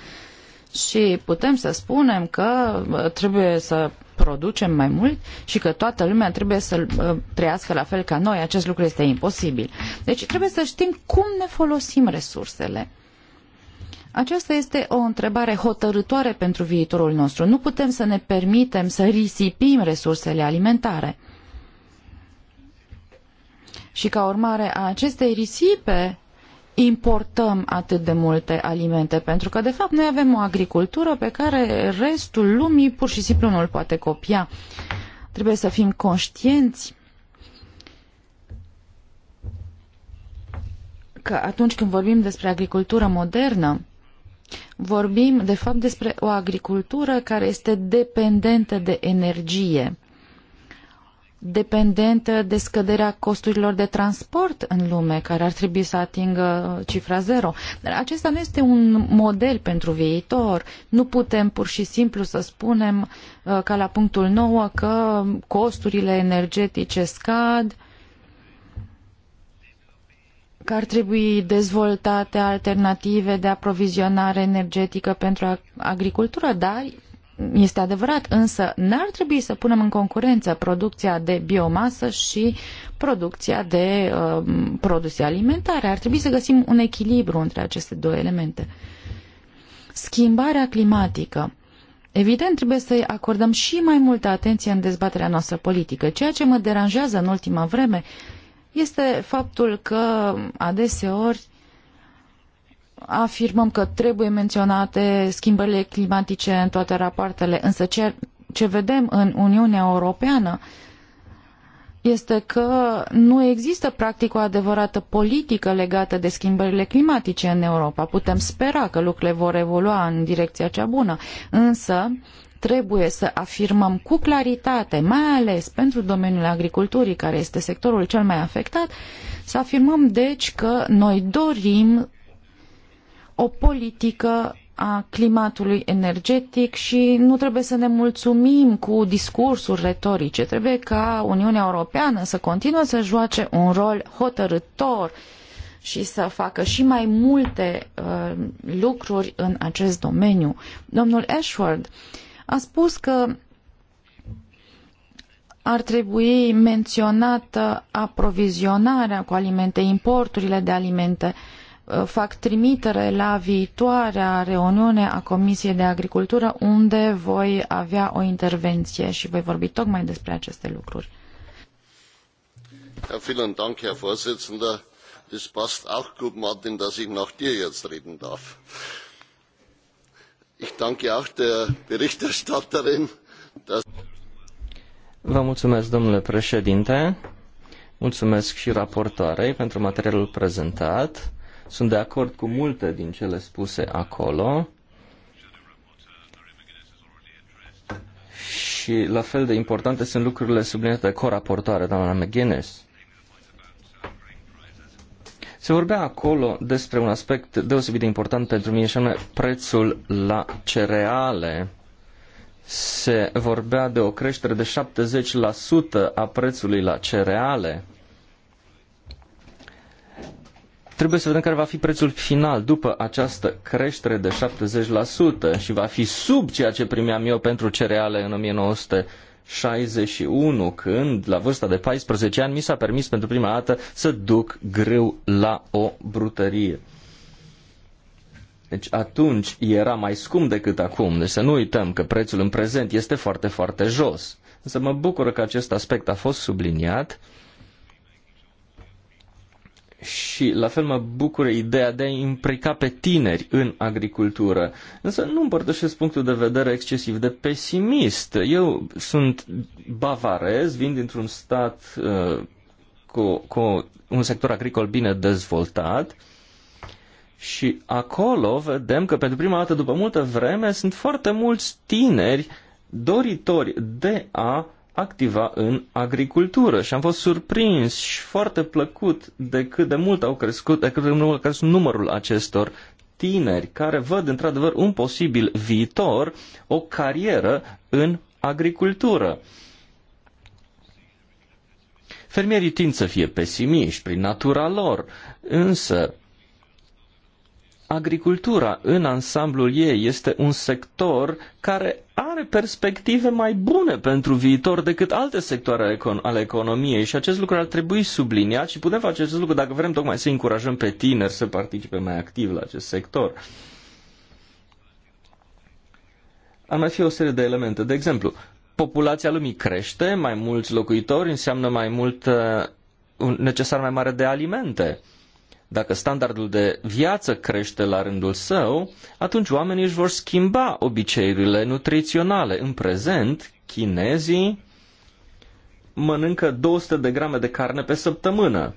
Și putem să spunem că uh, trebuie să producem mai mult și că toată lumea trebuie să uh, trăiască la fel ca noi. Acest lucru este imposibil. Deci trebuie să știm cum ne folosim resursele. Aceasta este o întrebare hotărătoare pentru viitorul nostru. Nu putem să ne permitem să risipim resursele alimentare. Și ca urmare a acestei risipe, importăm atât de multe alimente, pentru că, de fapt, noi avem o agricultură pe care restul lumii pur și simplu nu îl poate copia. Trebuie să fim conștienți că atunci când vorbim despre agricultură modernă, Vorbim, de fapt, despre o agricultură care este dependentă de energie, dependentă de scăderea costurilor de transport în lume, care ar trebui să atingă cifra zero. Dar acesta nu este un model pentru viitor. Nu putem pur și simplu să spunem uh, ca la punctul 9 că costurile energetice scad, că ar trebui dezvoltate alternative de aprovizionare energetică pentru agricultură, da, este adevărat, însă n-ar trebui să punem în concurență producția de biomasă și producția de uh, produse alimentare. Ar trebui să găsim un echilibru între aceste două elemente. Schimbarea climatică. Evident, trebuie să-i acordăm și mai multă atenție în dezbaterea noastră politică. Ceea ce mă deranjează în ultima vreme este faptul că adeseori afirmăm că trebuie menționate schimbările climatice în toate rapoartele, însă ce, ce vedem în Uniunea Europeană este că nu există practic o adevărată politică legată de schimbările climatice în Europa. Putem spera că lucrurile vor evolua în direcția cea bună, însă trebuie să afirmăm cu claritate, mai ales pentru domeniul agriculturii, care este sectorul cel mai afectat, să afirmăm deci că noi dorim o politică a climatului energetic și nu trebuie să ne mulțumim cu discursuri retorice. Trebuie ca Uniunea Europeană să continue să joace un rol hotărător și să facă și mai multe uh, lucruri în acest domeniu. Domnul Ashford uh, a spus că ar trebui menționată aprovizionarea cu alimente, importurile de alimente. Uh, fac trimitere la viitoarea reuniune a Comisiei de Agricultură, unde voi avea o intervenție și voi vorbi tocmai despre aceste lucruri. vielen Dank, Herr Vorsitzender. Das passt auch gut, Martin, dass ich nach dir jetzt reden darf. Ich danke auch der Berichterstatterin. Dass Vă mulțumesc, domnule președinte. Mulțumesc și raportoarei pentru materialul prezentat. Sunt de acord cu multe din cele spuse acolo. Și la fel de importante sunt lucrurile subliniate de coraportoare, doamna McGuinness. Se vorbea acolo despre un aspect deosebit de important pentru mine și anume prețul la cereale. Se vorbea de o creștere de 70% a prețului la cereale. Trebuie să vedem care va fi prețul final după această creștere de 70% și va fi sub ceea ce primeam eu pentru cereale în 1900 61, când, la vârsta de 14 ani, mi s-a permis pentru prima dată să duc grâu la o brutărie. Deci atunci era mai scump decât acum, deci să nu uităm că prețul în prezent este foarte, foarte jos. Însă mă bucur că acest aspect a fost subliniat și la fel mă bucură ideea de a implica pe tineri în agricultură. Însă nu împărtășesc punctul de vedere excesiv de pesimist. Eu sunt bavarez, vin dintr-un stat uh, cu, cu un sector agricol bine dezvoltat și acolo vedem că pentru prima dată după multă vreme sunt foarte mulți tineri doritori de a activa în agricultură și am fost surprins și foarte plăcut de cât de mult au crescut, de cât de mult a crescut numărul acestor tineri care văd într-adevăr un posibil viitor, o carieră în agricultură. Fermierii tind să fie pesimiști prin natura lor, însă agricultura în ansamblul ei este un sector care are perspective mai bune pentru viitor decât alte sectoare ale economiei și acest lucru ar trebui subliniat și putem face acest lucru dacă vrem tocmai să încurajăm pe tineri să participe mai activ la acest sector. Ar mai fi o serie de elemente. De exemplu, populația lumii crește, mai mulți locuitori înseamnă mai mult, uh, necesar mai mare de alimente. Uh, dacă standardul de viață crește la rândul său, atunci oamenii își vor schimba obiceiurile nutriționale. În prezent, chinezii mănâncă 200 de grame de carne pe săptămână.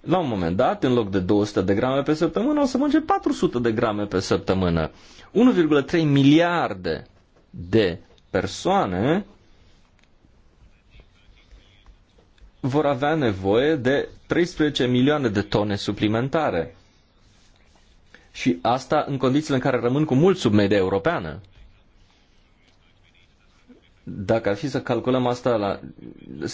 La un moment dat, în loc de 200 de grame pe săptămână, o să mânce 400 de grame pe săptămână. 1,3 miliarde de persoane vor avea nevoie de 13 milioane de tone suplimentare. Și asta în condițiile în care rămân cu mult sub media europeană. Dacă ar fi să calculăm asta la,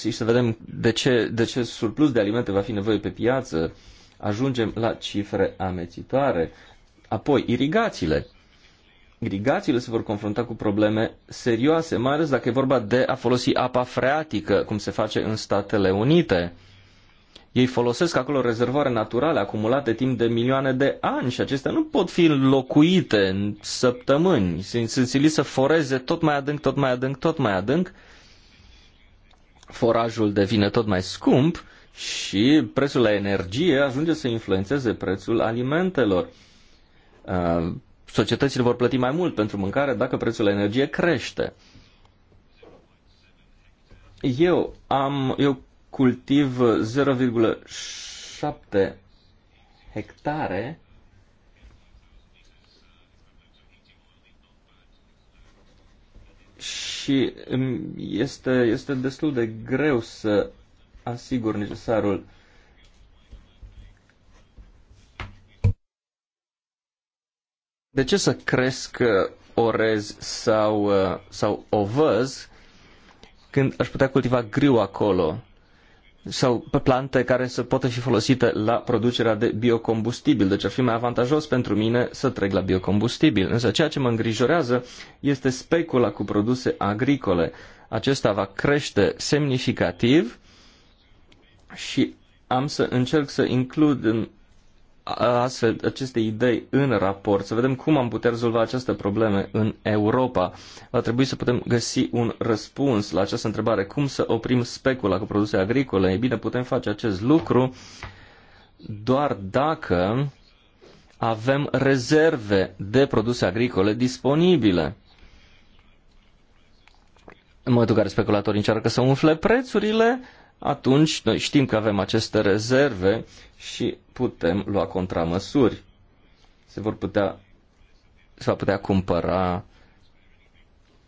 și să vedem de ce, de ce surplus de alimente va fi nevoie pe piață, ajungem la cifre amețitoare. Apoi, irigațiile. Irigațiile se vor confrunta cu probleme serioase, mai ales dacă e vorba de a folosi apa freatică, cum se face în Statele Unite. Ei folosesc acolo rezervoare naturale acumulate timp de milioane de ani și acestea nu pot fi înlocuite în săptămâni. Sunt siliți să foreze tot mai adânc, tot mai adânc, tot mai adânc. Forajul devine tot mai scump și prețul la energie ajunge să influențeze prețul alimentelor. Uh, societățile vor plăti mai mult pentru mâncare dacă prețul la energie crește. Eu am, eu cultiv 0,7 hectare și este, este destul de greu să asigur necesarul De ce să cresc uh, orez sau, uh, sau ovăz când aș putea cultiva griu acolo? sau pe plante care să poată fi folosite la producerea de biocombustibil. Deci ar fi mai avantajos pentru mine să trec la biocombustibil. Însă ceea ce mă îngrijorează este specula cu produse agricole. Acesta va crește semnificativ și am să încerc să includ în astfel aceste idei în raport, să vedem cum am putea rezolva aceste probleme în Europa. Va trebui să putem găsi un răspuns la această întrebare, cum să oprim specula cu produse agricole. Ei bine, putem face acest lucru doar dacă avem rezerve de produse agricole disponibile. În momentul în care speculatorii încearcă să umfle prețurile, atunci noi știm că avem aceste rezerve și putem lua contramăsuri. Se vor putea, se va putea cumpăra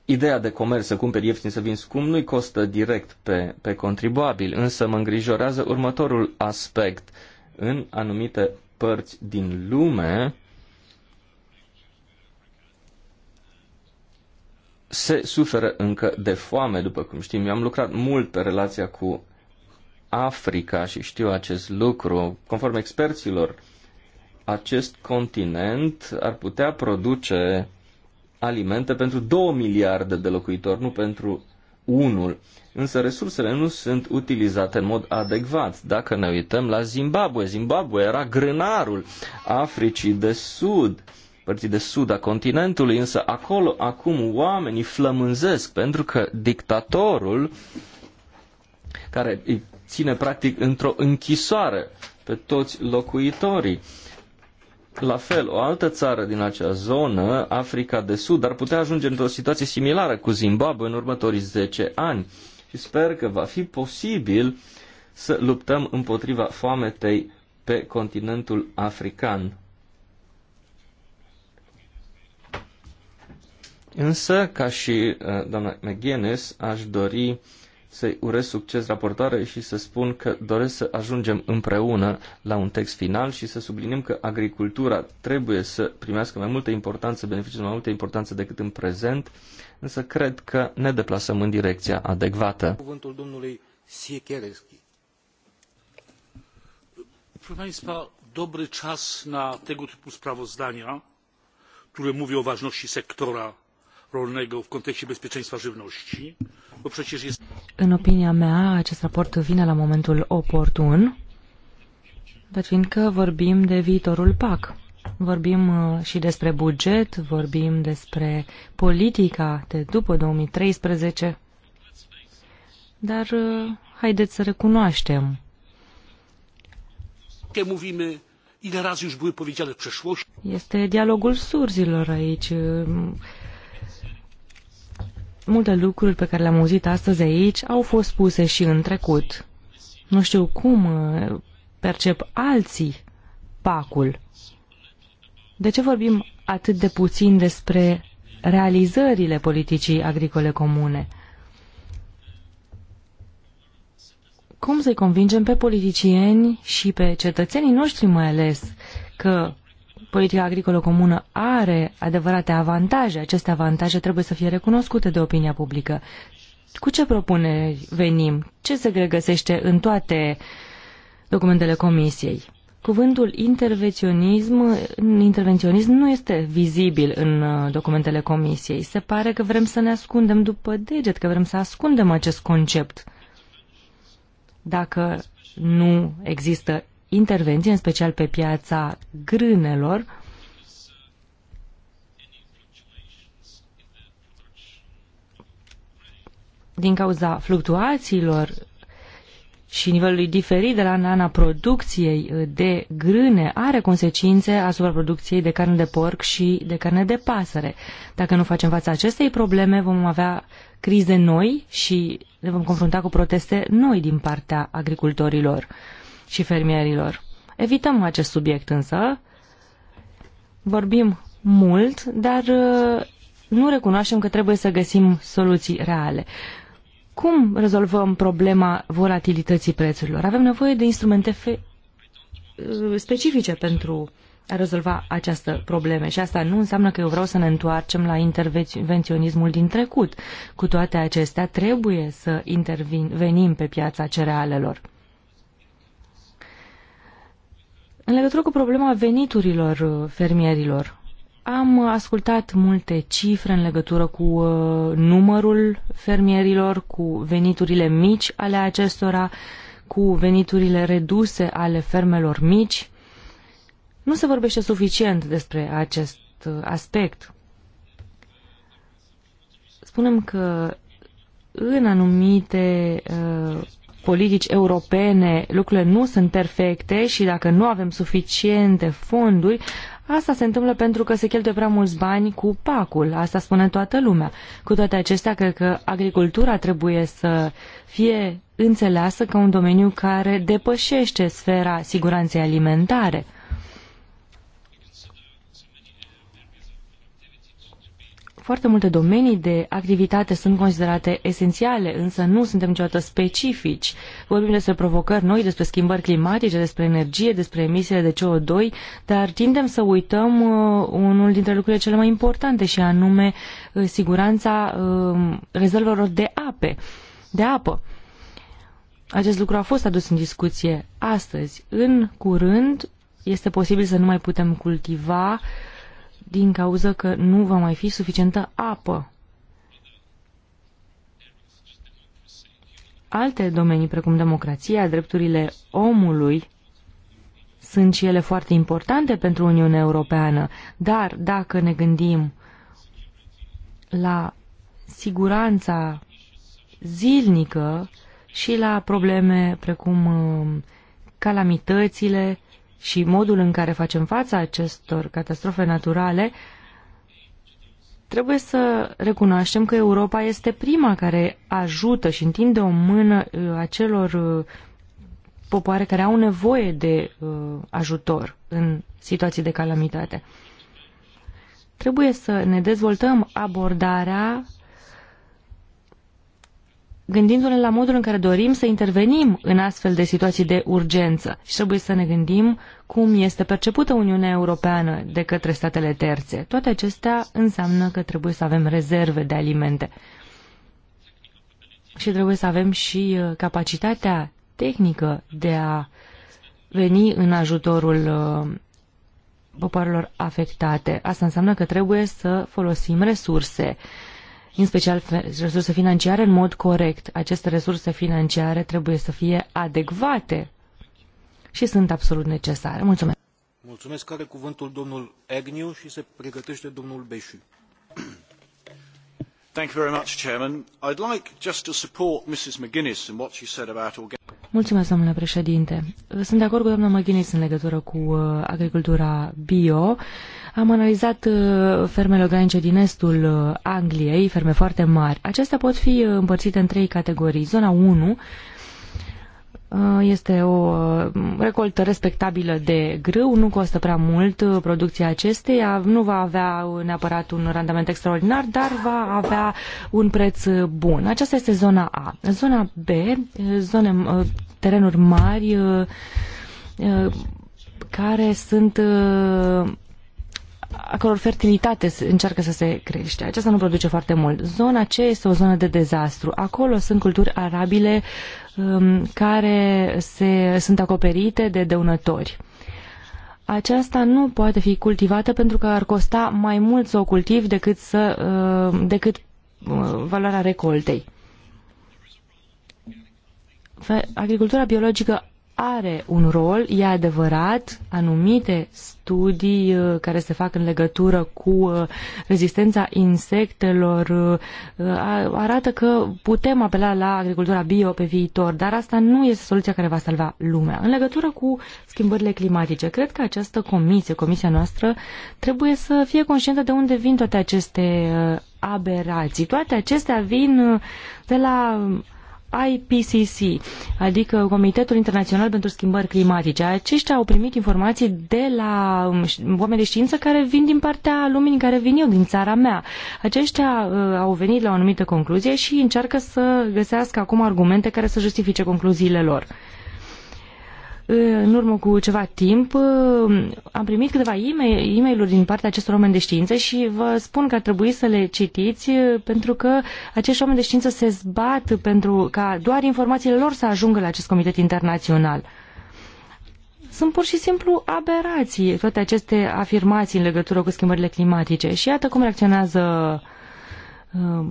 ideea de comerț, să cumperi ieftin, să vinzi cum nu-i costă direct pe, pe contribuabil, însă mă îngrijorează următorul aspect. În anumite părți din lume se suferă încă de foame, după cum știm. Eu am lucrat mult pe relația cu Africa și știu acest lucru, conform experților, acest continent ar putea produce alimente pentru 2 miliarde de locuitori, nu pentru unul. Însă resursele nu sunt utilizate în mod adecvat. Dacă ne uităm la Zimbabwe, Zimbabwe era grânarul Africii de Sud, părții de sud a continentului, însă acolo acum oamenii flămânzesc pentru că dictatorul care îi ține practic într-o închisoare pe toți locuitorii. La fel, o altă țară din acea zonă, Africa de Sud, ar putea ajunge într-o situație similară cu Zimbabwe în următorii 10 ani. Și sper că va fi posibil să luptăm împotriva foametei pe continentul african. Însă, ca și uh, doamna McGuinness, aș dori să-i urez succes raportare și să spun că doresc să ajungem împreună la un text final și să subliniem că agricultura trebuie să primească mai multă importanță, beneficieze mai multă importanță decât în prezent, însă cred că ne deplasăm în direcția adecvată. Cuvântul domnului Siekierski. Proszę Państwa, dobry czas na tego typu sprawozdania, które mówią o ważności sektora rolnego w kontekście bezpieczeństwa żywności, bo przecież jest... În opinia mea, acest raport vine la momentul oportun, dar fiindcă vorbim de viitorul PAC. Vorbim uh, și despre buget, vorbim despre politica de după 2013, dar uh, haideți să recunoaștem. Este dialogul surzilor aici. Uh, multe lucruri pe care le-am auzit astăzi aici au fost spuse și în trecut. Nu știu cum uh, percep alții pacul. De ce vorbim atât de puțin despre realizările politicii agricole comune? Cum să-i convingem pe politicieni și pe cetățenii noștri mai ales că politica agricolă comună are adevărate avantaje, aceste avantaje trebuie să fie recunoscute de opinia publică. Cu ce propuneri venim? Ce se regăsește în toate documentele comisiei? Cuvântul intervenționism, intervenționism nu este vizibil în uh, documentele comisiei. Se pare că vrem să ne ascundem după deget, că vrem să ascundem acest concept. Dacă nu există intervenție, în special pe piața grânelor, din cauza fluctuațiilor și nivelului diferit de la nana producției de grâne are consecințe asupra producției de carne de porc și de carne de pasăre. Dacă nu facem față acestei probleme, vom avea crize noi și ne vom confrunta cu proteste noi din partea agricultorilor și fermierilor. Evităm acest subiect însă, vorbim mult, dar uh, nu recunoaștem că trebuie să găsim soluții reale. Cum rezolvăm problema volatilității prețurilor? Avem nevoie de instrumente uh, specifice pentru a rezolva această probleme și asta nu înseamnă că eu vreau să ne întoarcem la intervenționismul din trecut. Cu toate acestea trebuie să intervenim pe piața cerealelor. În legătură cu problema veniturilor uh, fermierilor, am ascultat multe cifre în legătură cu uh, numărul fermierilor, cu veniturile mici ale acestora, cu veniturile reduse ale fermelor mici. Nu se vorbește suficient despre acest uh, aspect. Spunem că în anumite uh, politici europene lucrurile nu sunt perfecte și dacă nu avem suficiente fonduri, asta se întâmplă pentru că se cheltuie prea mulți bani cu pacul. Asta spune toată lumea. Cu toate acestea, cred că agricultura trebuie să fie înțeleasă ca un domeniu care depășește sfera siguranței alimentare. Foarte multe domenii de activitate sunt considerate esențiale, însă nu suntem niciodată specifici. Vorbim despre provocări noi, despre schimbări climatice, despre energie, despre emisiile de CO2, dar tindem să uităm uh, unul dintre lucrurile cele mai importante și anume uh, siguranța uh, rezervelor de ape, de apă. Acest lucru a fost adus în discuție astăzi. În curând este posibil să nu mai putem cultiva uh, din cauza că nu va mai fi suficientă apă. Alte domenii, precum democrația, drepturile omului, sunt și ele foarte importante pentru Uniunea Europeană, dar dacă ne gândim la siguranța zilnică și la probleme precum uh, calamitățile, și modul în care facem fața acestor catastrofe naturale, trebuie să recunoaștem că Europa este prima care ajută și întinde o mână uh, acelor uh, popoare care au nevoie de uh, ajutor în situații de calamitate. Trebuie să ne dezvoltăm abordarea gândindu-ne la modul în care dorim să intervenim în astfel de situații de urgență și trebuie să ne gândim cum este percepută Uniunea Europeană de către statele terțe. Toate acestea înseamnă că trebuie să avem rezerve de alimente și trebuie să avem și uh, capacitatea tehnică de a veni în ajutorul uh, popoarelor afectate. Asta înseamnă că trebuie să folosim resurse uh, în special resurse financiare, în mod corect. Aceste resurse financiare trebuie să fie adecvate și sunt absolut necesare. Mulțumesc! Mulțumesc. Are cuvântul domnul Agnew și se pregătește domnul Beșu. Thank you very much, Chairman. I'd like just to support Mrs. McGuinness in what she said about organic... Mulțumesc, domnule președinte. Sunt de acord cu doamna McGuinness în legătură cu uh, agricultura bio. Uh, am analizat uh, fermele organice din estul uh, Angliei, ferme foarte mari. Acestea pot fi uh, împărțite în trei categorii. Zona 1 este o recoltă respectabilă de grâu, nu costă prea mult producția acesteia, nu va avea neapărat un randament extraordinar, dar va avea un preț bun. Aceasta este zona A. Zona B, zone, terenuri mari care sunt a căror fertilitate se, încearcă să se crește. Aceasta nu produce foarte mult. Zona C este o zonă de dezastru. Acolo sunt culturi arabile um, care se, sunt acoperite de dăunători. Aceasta nu poate fi cultivată pentru că ar costa mai mult să o cultivi decât, să, uh, decât uh, valoarea recoltei agricultura biologică are un rol, e adevărat, anumite studii uh, care se fac în legătură cu uh, rezistența insectelor uh, arată că putem apela la agricultura bio pe viitor, dar asta nu este soluția care va salva lumea. În legătură cu schimbările climatice, cred că această comisie, comisia noastră, trebuie să fie conștientă de unde vin toate aceste aberații. Toate acestea vin de la IPCC, adică Comitetul Internațional pentru Schimbări Climatice. Aceștia au primit informații de la um, oameni de știință care vin din partea lumii în care vin eu, din țara mea. Aceștia uh, au venit la o anumită concluzie și încearcă să găsească acum argumente care să justifice concluziile lor în urmă cu ceva timp uh, am primit câteva e mail din partea acestor oameni de știință și vă spun că ar trebui să le citiți uh, pentru că acești oameni de știință se zbat pentru ca doar informațiile lor să ajungă la acest comitet internațional. Sunt pur și simplu aberații toate aceste afirmații în legătură cu schimbările climatice și iată cum reacționează uh,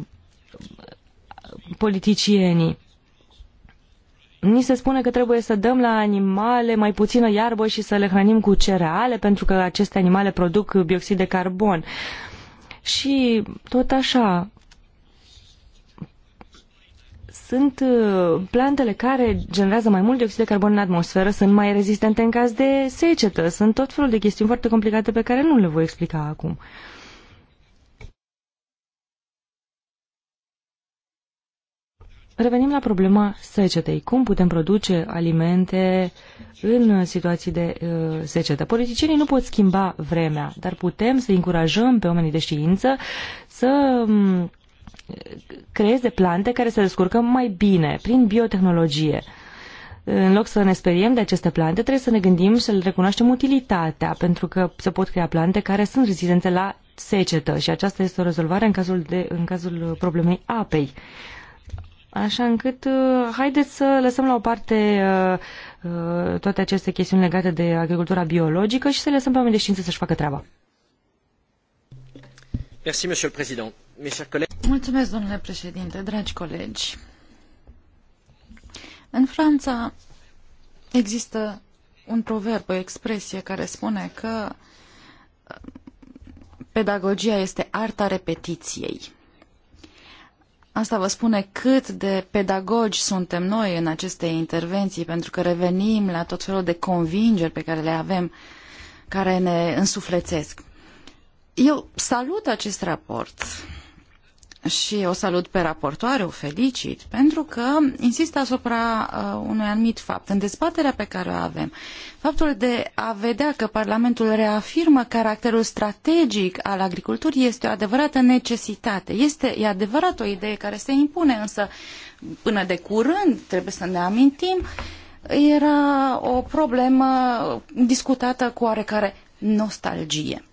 politicienii Ni se spune că trebuie să dăm la animale mai puțină iarbă și să le hrănim cu cereale pentru că aceste animale produc bioxid de carbon. Și tot așa, sunt uh, plantele care generează mai mult dioxid de carbon în atmosferă, sunt mai rezistente în caz de secetă, sunt tot felul de chestiuni foarte complicate pe care nu le voi explica acum. Uh, Revenim la problema secetei. Cum putem produce alimente în situații de uh, secetă? Politicienii nu pot schimba vremea, dar putem să încurajăm pe oamenii de știință să um, creeze plante care să descurcăm mai bine prin biotehnologie. În loc să ne speriem de aceste plante, trebuie să ne gândim să le recunoaștem utilitatea, pentru că se pot crea plante care sunt rezistente la secetă și aceasta este o rezolvare în cazul, de, în cazul problemei apei. Așa încât, uh, haideți să lăsăm la o parte uh, uh, toate aceste chestiuni legate de agricultura biologică și să lăsăm pe oameni de știință să-și facă treaba. Mulțumesc, domnule președinte, dragi colegi. În Franța există un proverb, o expresie care spune că pedagogia este arta repetiției. Asta vă spune cât de pedagogi suntem noi în aceste intervenții, pentru că revenim la tot felul de convingeri pe care le avem, care ne însuflețesc. Eu salut acest raport și o salut pe raportoare, o felicit, pentru că insistă asupra uh, unui anumit fapt. În dezbaterea pe care o avem, faptul de a vedea că Parlamentul reafirmă caracterul strategic al agriculturii este o adevărată necesitate. Este, e adevărat o idee care se impune, însă până de curând, trebuie să ne amintim, era o problemă discutată cu oarecare nostalgie.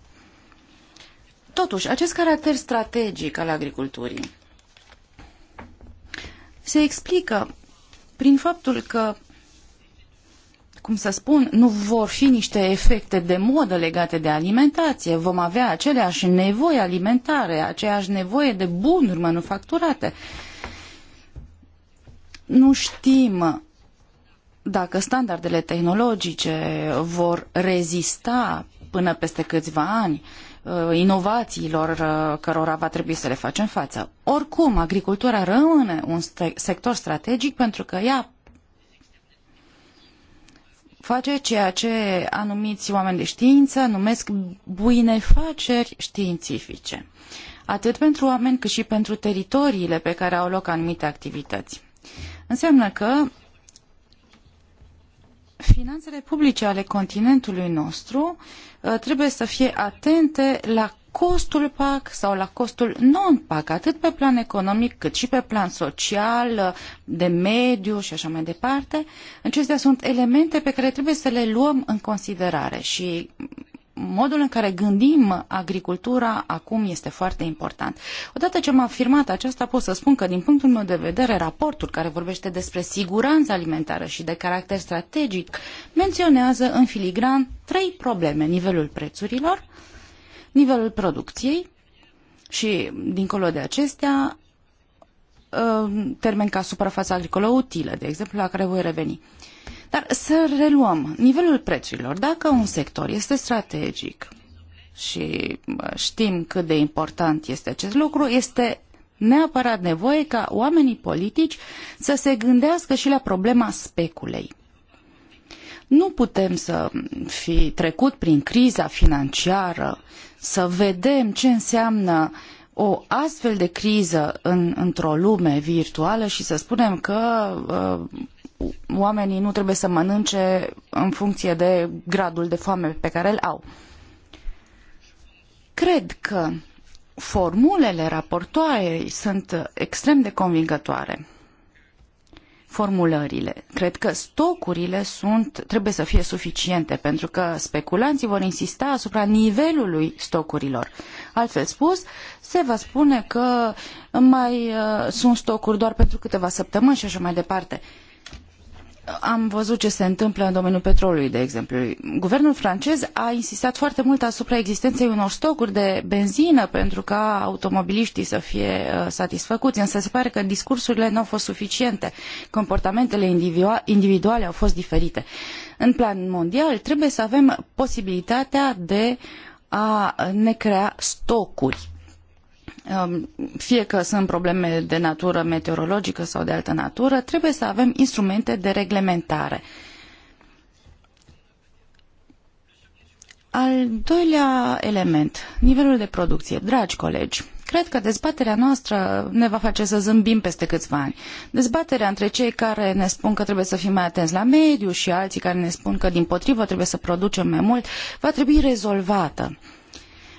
Totuși, acest caracter strategic al agriculturii se explică prin faptul că, cum să spun, nu vor fi niște efecte de modă legate de alimentație. Vom avea aceleași nevoi alimentare, aceeași nevoie de bunuri manufacturate. Nu știm dacă standardele tehnologice vor rezista până peste câțiva ani Uh, inovațiilor uh, cărora va trebui să le facem față. Oricum, agricultura rămâne un sector strategic pentru că ea face ceea ce anumiți oameni de știință numesc buinefaceri științifice, atât pentru oameni cât și pentru teritoriile pe care au loc anumite activități. Înseamnă că finanțele publice ale continentului nostru uh, Uh, trebuie să fie atente la costul PAC sau la costul non-PAC, atât pe plan economic cât și pe plan social, uh, de mediu și așa mai departe. Acestea sunt elemente pe care trebuie să le luăm în considerare și modul în care gândim agricultura acum este foarte important. Odată ce am afirmat aceasta, pot să spun că, din punctul meu de vedere, raportul care vorbește despre siguranța alimentară și de caracter strategic menționează în filigran trei probleme. Nivelul prețurilor, nivelul producției și, dincolo de acestea, uh, termen ca suprafața agricolă utilă, de exemplu, la care voi reveni. Uh, dar să reluăm nivelul prețurilor. Dacă un sector este strategic și știm cât de important este acest lucru, este neapărat nevoie ca oamenii politici să se gândească și la problema speculei. Nu putem să fi trecut prin criza financiară, să vedem ce înseamnă o astfel de criză în, într-o lume virtuală și să spunem că uh, oamenii nu trebuie să mănânce în funcție de gradul de foame pe care îl au. Cred că formulele raportoarei sunt extrem de convingătoare. Formulările. Cred că stocurile sunt, trebuie să fie suficiente, pentru că speculanții vor insista asupra nivelului stocurilor. Altfel spus, se va spune că mai uh, sunt stocuri doar pentru câteva săptămâni și așa mai departe. Uh, am văzut ce se întâmplă în domeniul petrolului, de exemplu. Guvernul francez a insistat foarte mult asupra existenței unor stocuri de benzină pentru ca automobiliștii să fie uh, satisfăcuți, însă se pare că discursurile nu au fost suficiente, comportamentele individuale au fost diferite. În plan mondial trebuie să avem posibilitatea de a ne crea stocuri Um, fie că sunt probleme de natură meteorologică sau de altă natură, trebuie să avem instrumente de reglementare. Al doilea element, nivelul de producție. Dragi colegi, cred că dezbaterea noastră ne va face să zâmbim peste câțiva ani. Dezbaterea între cei care ne spun că trebuie să fim mai atenți la mediu și alții care ne spun că din potrivă trebuie să producem mai mult, va trebui rezolvată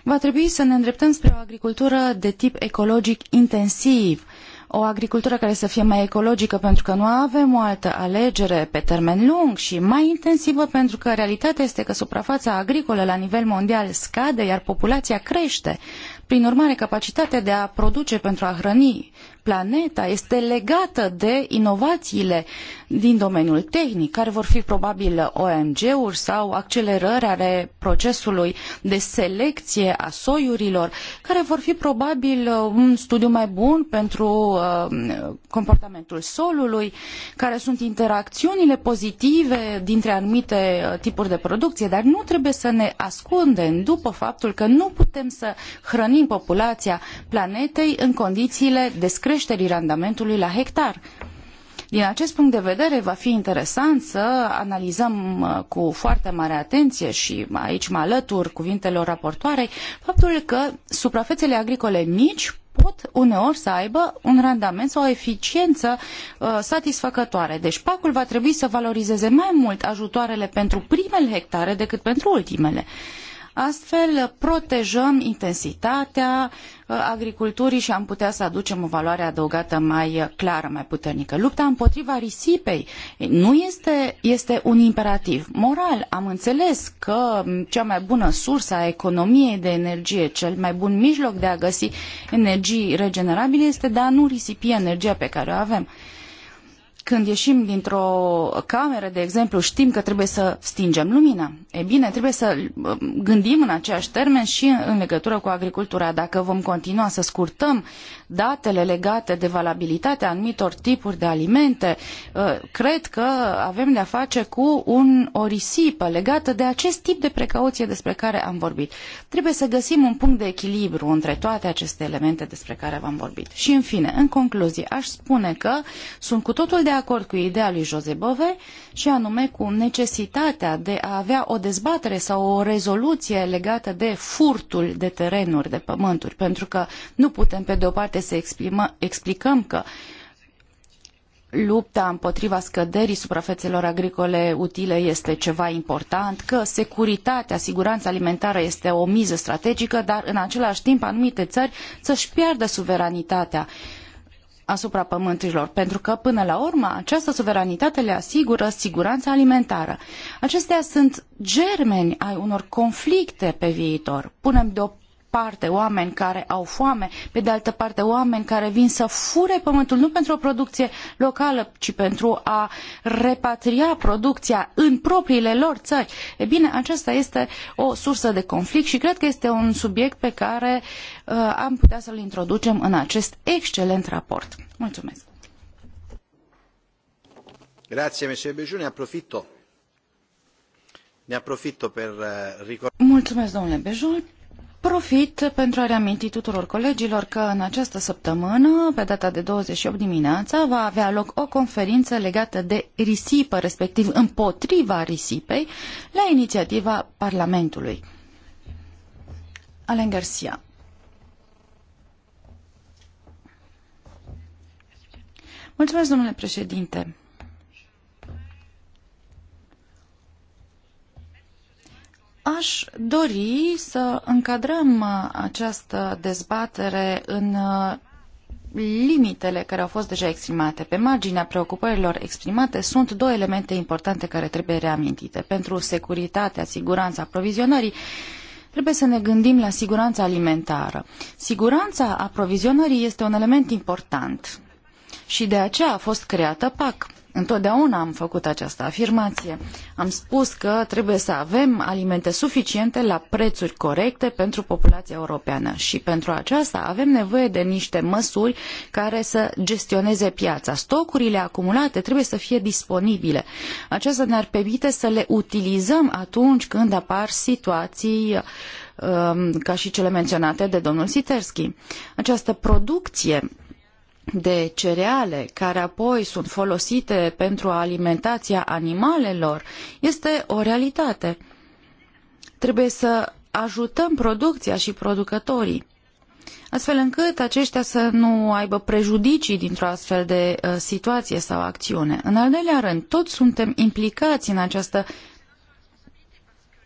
Va trebui să ne îndreptăm spre o agricultură de tip ecologic intensiv, o agricultură care să fie mai ecologică pentru că nu avem o altă alegere pe termen lung și mai intensivă pentru că realitatea este că suprafața agricolă la nivel mondial scade, iar populația crește. Prin urmare, capacitatea de a produce pentru a hrăni planeta este legată de inovațiile din domeniul tehnic, care vor fi probabil OMG-uri sau accelerări ale procesului de selecție a soiurilor, care vor fi probabil uh, un studiu mai bun pentru uh, comportamentul solului, care sunt interacțiunile pozitive dintre anumite uh, tipuri de producție, dar nu trebuie să ne ascundem după faptul că nu putem să hrănim populația planetei în condițiile de creșterii randamentului la hectar. Din acest punct de vedere, va fi interesant să analizăm uh, cu foarte mare atenție și aici mă alătur cuvintelor raportoarei faptul că suprafețele agricole mici pot uneori să aibă un randament sau o eficiență uh, satisfăcătoare. Deci pacul va trebui să valorizeze mai mult ajutoarele pentru primele hectare decât pentru ultimele. Uh, Astfel protejăm intensitatea uh, agriculturii și am putea să aducem o valoare adăugată mai clară, mai puternică. Lupta împotriva risipei nu este, este un imperativ moral. Am înțeles că cea mai bună sursă a economiei de energie, cel mai bun mijloc de a găsi energii regenerabile este de a nu risipi energia pe care o avem. Când ieșim dintr-o cameră, de exemplu, știm că trebuie să stingem lumina. E bine, trebuie să uh, gândim în aceeași termen și în legătură cu agricultura. Dacă vom continua să scurtăm datele legate de valabilitatea anumitor tipuri de alimente, uh, cred că avem de-a face cu un, o risipă legată de acest tip de precauție despre care am vorbit. Trebuie să găsim un punct de echilibru între toate aceste elemente despre care v-am vorbit. Și în fine, în concluzie, aș spune că sunt cu totul de acord cu ideea lui Jose Bove și anume cu necesitatea de a avea o dezbatere sau o rezoluție legată de furtul de terenuri, de pământuri, pentru că nu putem pe de o parte să exprimă, explicăm că lupta împotriva scăderii suprafețelor agricole utile este ceva important, că securitatea, siguranța alimentară este o miză strategică, dar în același timp anumite țări să-și piardă suveranitatea uh, asupra pământurilor, pentru că, până la urmă, această suveranitate le asigură siguranța alimentară. Acestea sunt germeni ai unor conflicte pe viitor. Punem deoparte parte oameni care au foame, pe de altă parte oameni care vin să fure pământul nu pentru o producție locală, ci pentru a repatria producția în propriile lor țări. E bine, aceasta este o sursă de conflict și cred că este un subiect pe care uh, am putea să-l introducem în acest excelent raport. Mulțumesc! Grazie, uh, Mulțumesc, domnule Bejol. Profit pentru a reaminti tuturor colegilor că în această săptămână, pe data de 28 dimineața, va avea loc o conferință legată de risipă, respectiv împotriva risipei, la inițiativa Parlamentului. Alen Garcia. Mulțumesc, domnule președinte. Aș dori să încadrăm uh, această dezbatere în uh, limitele care au fost deja exprimate. Pe marginea preocupărilor exprimate sunt două elemente importante care trebuie reamintite. Pentru securitatea, siguranța aprovizionării, trebuie să ne gândim la siguranța alimentară. Siguranța aprovizionării este un element important și de aceea a fost creată PAC. Întotdeauna am făcut această afirmație. Am spus că trebuie să avem alimente suficiente la prețuri corecte pentru populația europeană și pentru aceasta avem nevoie de niște măsuri care să gestioneze piața. Stocurile acumulate trebuie să fie disponibile. Aceasta ne-ar permite să le utilizăm atunci când apar situații um, ca și cele menționate de domnul Siterski. Această producție de cereale care apoi sunt folosite pentru alimentația animalelor este o realitate. Trebuie să ajutăm producția și producătorii, astfel încât aceștia să nu aibă prejudicii dintr-o astfel de uh, situație sau acțiune. În al doilea rând, toți suntem implicați în această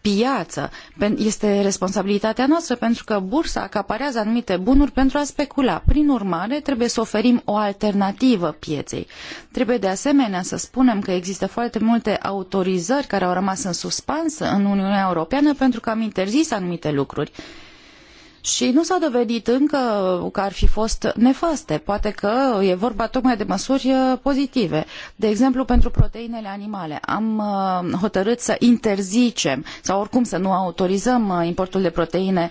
piață. Este responsabilitatea noastră pentru că bursa acaparează anumite bunuri pentru a specula. Prin urmare, trebuie să oferim o alternativă pieței. Trebuie de asemenea să spunem că există foarte multe autorizări care au rămas în suspans în Uniunea Europeană pentru că am interzis anumite lucruri și nu s-a dovedit încă că ar fi fost nefaste. Poate că e vorba tocmai de măsuri uh, pozitive. De exemplu, pentru proteinele animale. Am uh, hotărât să interzicem sau oricum să nu autorizăm uh, importul de proteine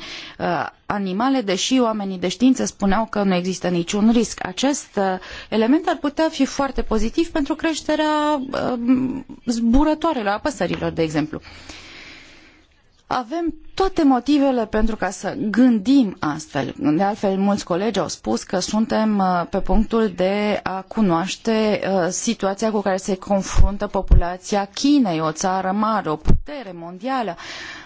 animale, deși oamenii de știință spuneau că nu există niciun risc. Acest element ar putea fi foarte pozitiv pentru creșterea zburătoarelor, a păsărilor, de exemplu avem toate motivele pentru ca să gândim astfel. De altfel, mulți colegi au spus că suntem uh, pe punctul de a cunoaște uh, situația cu care se confruntă populația Chinei, o țară mare, o putere mondială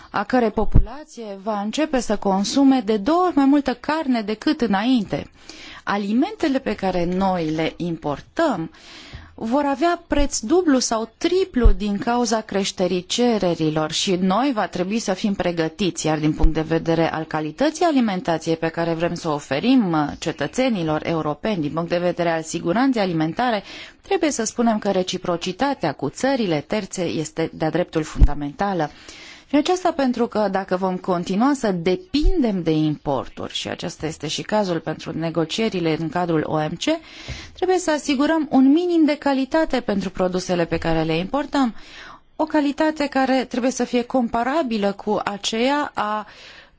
a cărei populație va începe să consume de două ori mai multă carne decât înainte. Alimentele pe care noi le importăm uh, vor avea preț dublu sau triplu din cauza creșterii cererilor și noi va trebui să fim pregătiți, iar din punct de vedere al calității alimentației pe care vrem să o oferim uh, cetățenilor europeni, din punct de vedere al siguranței alimentare, trebuie să spunem că reciprocitatea cu țările terțe este de-a dreptul fundamentală. Și aceasta pentru că dacă vom continua să depindem de importuri, și acesta este și cazul pentru negocierile în cadrul OMC, trebuie să asigurăm un minim de calitate pentru produsele pe care le importăm, o calitate care trebuie să fie comparabilă cu aceea a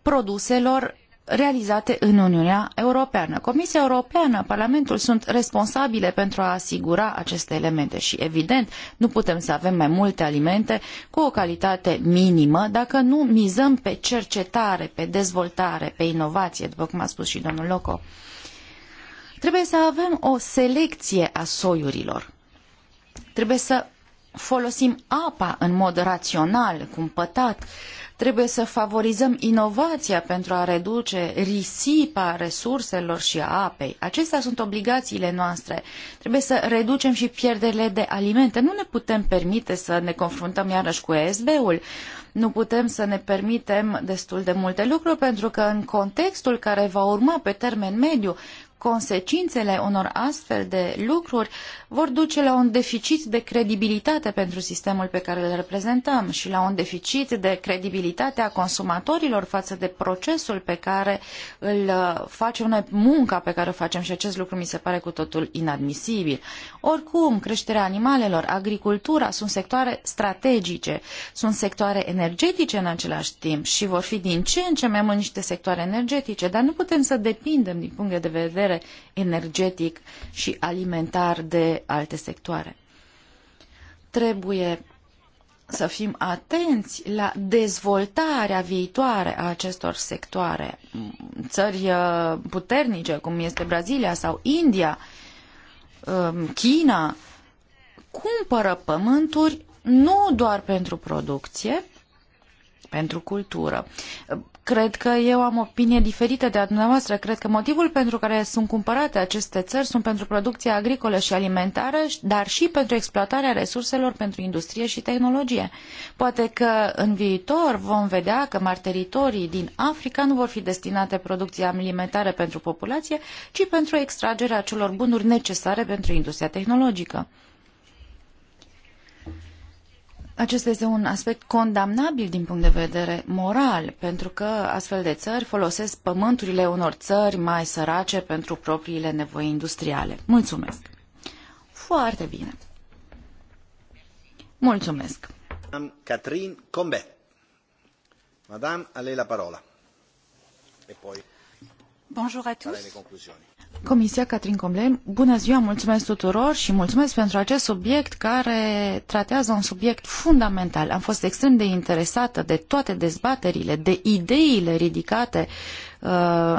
produselor realizate în Uniunea Europeană. Comisia Europeană, Parlamentul sunt responsabile pentru a asigura aceste elemente și, evident, nu putem să avem mai multe alimente cu o calitate minimă dacă nu mizăm pe cercetare, pe dezvoltare, pe inovație, după cum a spus și domnul Loco. Trebuie să avem o selecție a soiurilor. Trebuie să folosim apa în mod rațional, cumpătat, uh, Trebuie să favorizăm inovația pentru a reduce risipa resurselor și a apei. Acestea sunt obligațiile noastre. Trebuie să reducem și pierderile de alimente. Nu ne putem permite să ne confruntăm iarăși cu ESB-ul nu putem să ne permitem destul de multe lucruri, pentru că în contextul care va urma pe termen mediu, consecințele unor astfel de lucruri vor duce la un deficit de credibilitate pentru sistemul pe care îl reprezentăm și la un deficit de credibilitate a consumatorilor față de procesul pe care îl uh, facem noi, munca pe care o facem și acest lucru mi se pare cu totul inadmisibil. Oricum, creșterea animalelor, agricultura sunt sectoare strategice, sunt sectoare energetice în același timp și vor fi din ce în ce mai mult niște sectoare energetice, dar nu putem să depindem din punct de vedere transfere energetic și alimentar de alte sectoare. Trebuie să fim atenți la dezvoltarea viitoare a acestor sectoare. Țări uh, puternice, cum este Brazilia sau India, um, China, cumpără pământuri nu doar pentru producție, pentru cultură. Cred că eu am opinie diferită de a dumneavoastră. Cred că motivul pentru care sunt cumpărate aceste țări sunt pentru producția agricolă și alimentară, dar și pentru exploatarea resurselor pentru industrie și tehnologie. Poate că în viitor vom vedea că mari teritorii din Africa nu vor fi destinate producției alimentare pentru populație, ci pentru extragerea celor bunuri necesare pentru industria tehnologică. Acesta este un aspect condamnabil din punct de vedere moral, pentru că astfel de țări folosesc pământurile unor țări mai sărace pentru propriile nevoi industriale. Mulțumesc! Foarte bine! Mulțumesc! Catherine Combe, Madame, a la parola. E poi... Bonjour à tous. Comisia Catrin Comlem, bună ziua, mulțumesc tuturor și mulțumesc pentru acest subiect care tratează un subiect fundamental. Am fost extrem de interesată de toate dezbaterile, de ideile ridicate uh,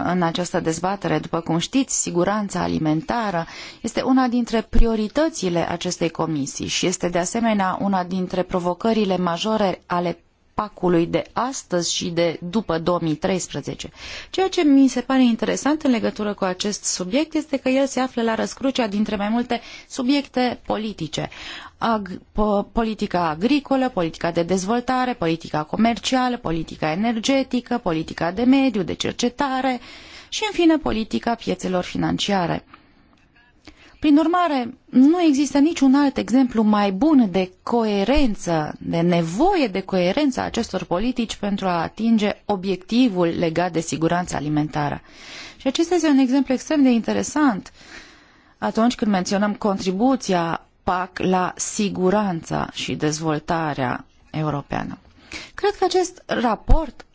în această dezbatere. După cum știți, siguranța alimentară este una dintre prioritățile acestei comisii și este de asemenea una dintre provocările majore ale pacului de astăzi și de după 2013. Ceea ce mi se pare interesant în legătură cu acest subiect este că el se află la răscrucea dintre mai multe subiecte politice. Ag po politica agricolă, politica de dezvoltare, politica comercială, politica energetică, politica de mediu, de cercetare și, în fine, politica piețelor financiare. Prin urmare, nu există niciun alt exemplu mai bun de coerență, de nevoie de coerență a acestor politici pentru a atinge obiectivul legat de siguranța alimentară. Și acesta este un exemplu extrem de interesant atunci când menționăm contribuția PAC la siguranța și dezvoltarea europeană. Cred că acest raport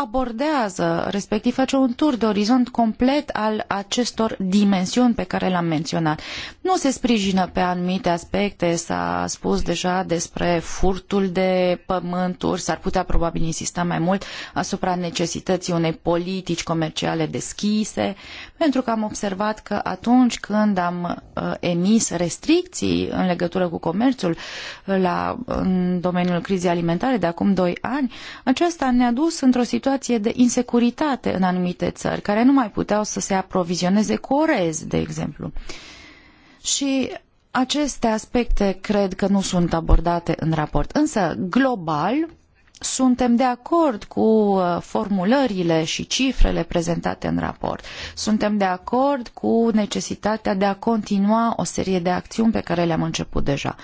abordează, respectiv face un tur de orizont complet al acestor dimensiuni pe care le-am menționat. Nu se sprijină pe anumite aspecte, s-a spus deja despre furtul de pământuri, s-ar putea probabil insista mai mult asupra necesității unei politici comerciale deschise, pentru că am observat că atunci când am uh, emis restricții în legătură cu comerțul uh, la, în domeniul crizei alimentare de acum doi ani, acesta ne-a dus într-o situație situație de insecuritate în anumite țări, care nu mai puteau să se aprovizioneze cu orez, de exemplu. Și aceste aspecte cred că nu sunt abordate în raport. Însă, global, suntem de acord cu uh, formulările și cifrele prezentate în raport. Suntem de acord cu necesitatea de a continua o serie de acțiuni pe care le-am început deja.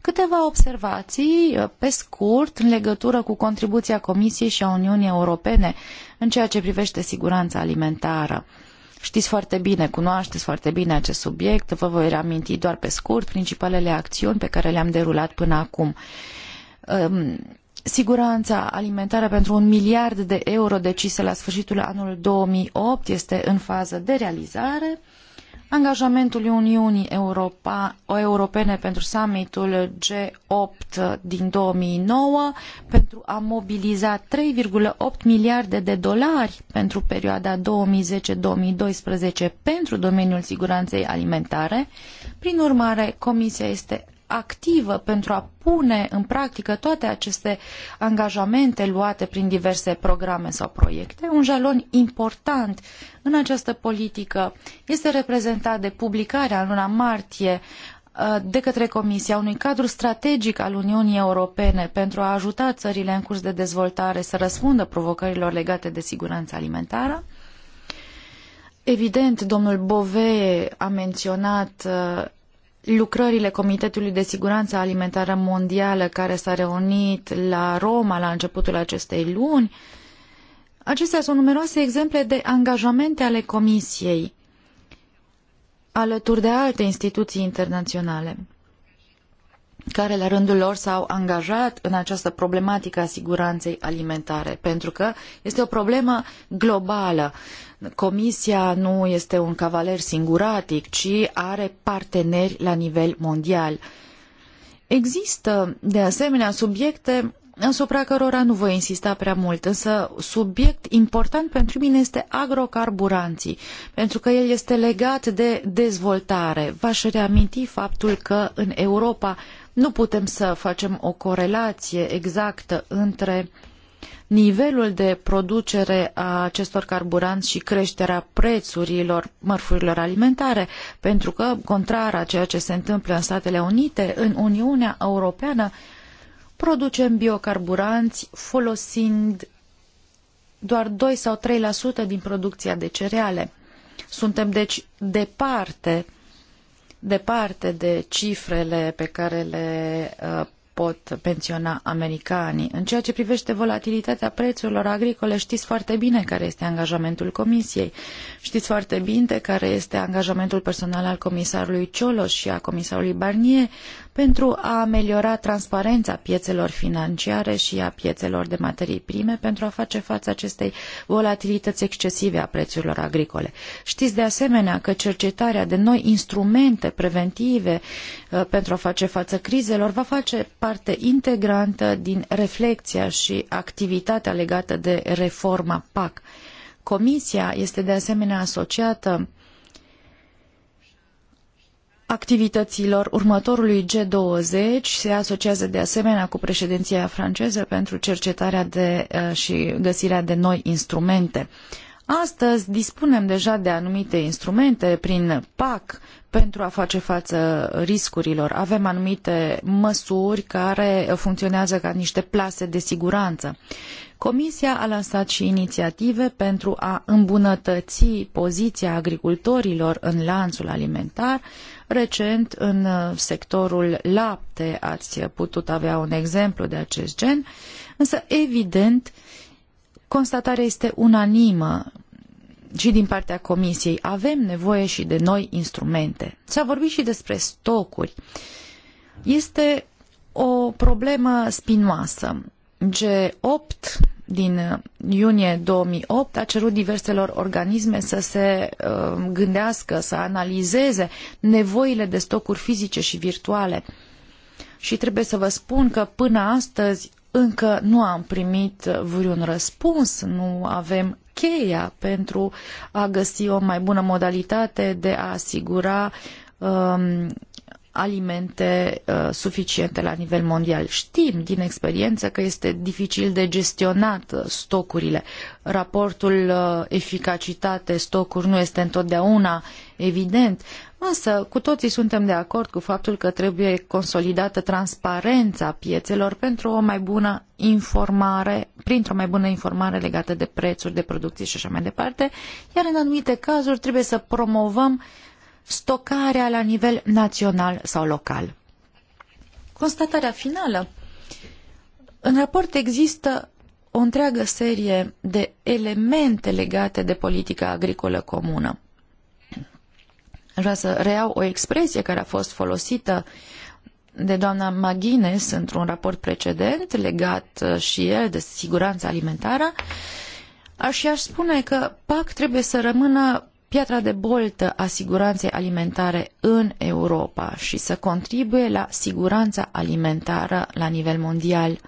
Câteva observații, uh, pe scurt, în legătură cu contribuția Comisiei și a Uniunii Europene în ceea ce privește siguranța alimentară. Știți foarte bine, cunoașteți foarte bine acest subiect, vă voi reaminti doar pe scurt principalele acțiuni pe care le-am derulat până acum um, Siguranța alimentară pentru un miliard de euro decisă la sfârșitul anului 2008 este în fază de realizare. Angajamentul Uniunii Europa, Europene pentru summitul G8 din 2009 pentru a mobiliza 3,8 miliarde de dolari pentru perioada 2010-2012 pentru domeniul siguranței alimentare. Prin urmare, Comisia este activă pentru a pune în practică toate aceste angajamente luate prin diverse programe sau proiecte. Un jalon important în această politică este reprezentat de publicarea în luna martie uh, de către Comisia unui cadru strategic al Uniunii Europene pentru a ajuta țările în curs de dezvoltare să răspundă provocărilor legate de siguranța alimentară. Evident, domnul Bove a menționat uh, lucrările Comitetului de Siguranță Alimentară Mondială care s-a reunit la Roma la începutul acestei luni. Acestea sunt numeroase exemple de angajamente ale Comisiei alături de alte instituții internaționale care la rândul lor s-au angajat în această problematică a siguranței alimentare, pentru că este o problemă globală. Comisia nu este un cavaler singuratic, ci are parteneri la nivel mondial. Există, de asemenea, subiecte asupra cărora nu voi insista prea mult, însă subiect important pentru mine este agrocarburanții, pentru că el este legat de dezvoltare. V-aș reaminti faptul că în Europa nu putem să facem o corelație exactă între uh, nivelul de producere a acestor carburanți și creșterea prețurilor mărfurilor alimentare, pentru că, contrar a ceea ce se întâmplă în Statele Unite, în Uniunea Europeană producem biocarburanți folosind doar 2 sau 3% din producția de cereale. Suntem deci departe departe de cifrele pe care le uh, pot pensiona americanii. În ceea ce privește volatilitatea prețurilor agricole, știți foarte bine care este angajamentul Comisiei. Știți foarte bine care este angajamentul personal al comisarului Cioloș și a comisarului Barnier pentru a ameliora transparența piețelor financiare și a piețelor de materii prime pentru a face față acestei volatilități excesive a prețurilor agricole. Știți de asemenea că cercetarea de noi instrumente preventive uh, pentru a face față crizelor va face parte integrantă din reflexia și activitatea legată de reforma PAC. Comisia este de asemenea asociată activităților următorului G20 se asociază de asemenea cu președinția franceză pentru cercetarea de, uh, și găsirea de noi instrumente. Astăzi dispunem deja de anumite instrumente prin PAC pentru a face față riscurilor. Avem anumite măsuri care funcționează ca niște plase de siguranță. Comisia a lansat și inițiative pentru a îmbunătăți poziția agricultorilor în lanțul alimentar, Recent, în uh, sectorul lapte, ați putut avea un exemplu de acest gen, însă, evident, constatarea este unanimă și din partea Comisiei. Avem nevoie și de noi instrumente. S-a vorbit și despre stocuri. Este o problemă spinoasă. G8 din uh, iunie 2008 a cerut diverselor organisme să se uh, gândească, să analizeze nevoile de stocuri fizice și virtuale. Și trebuie să vă spun că până astăzi încă nu am primit uh, vreun răspuns, nu avem cheia pentru a găsi o mai bună modalitate de a asigura um, alimente uh, suficiente la nivel mondial. Știm din experiență că este dificil de gestionat uh, stocurile. Raportul uh, eficacitate-stocuri nu este întotdeauna evident, însă cu toții suntem de acord cu faptul că trebuie consolidată transparența piețelor pentru o mai bună informare, printr-o mai bună informare legată de prețuri, de producție și așa mai departe, iar în anumite cazuri trebuie să promovăm stocarea la nivel național sau local. Constatarea finală. În raport există o întreagă serie de elemente legate de politica agricolă comună. Vreau să reiau o expresie care a fost folosită de doamna Maghines într-un raport precedent legat uh, și el de siguranța alimentară. Aș i-aș spune că PAC trebuie să rămână piatra de boltă a siguranței alimentare în Europa și să contribuie la siguranța alimentară la nivel mondial.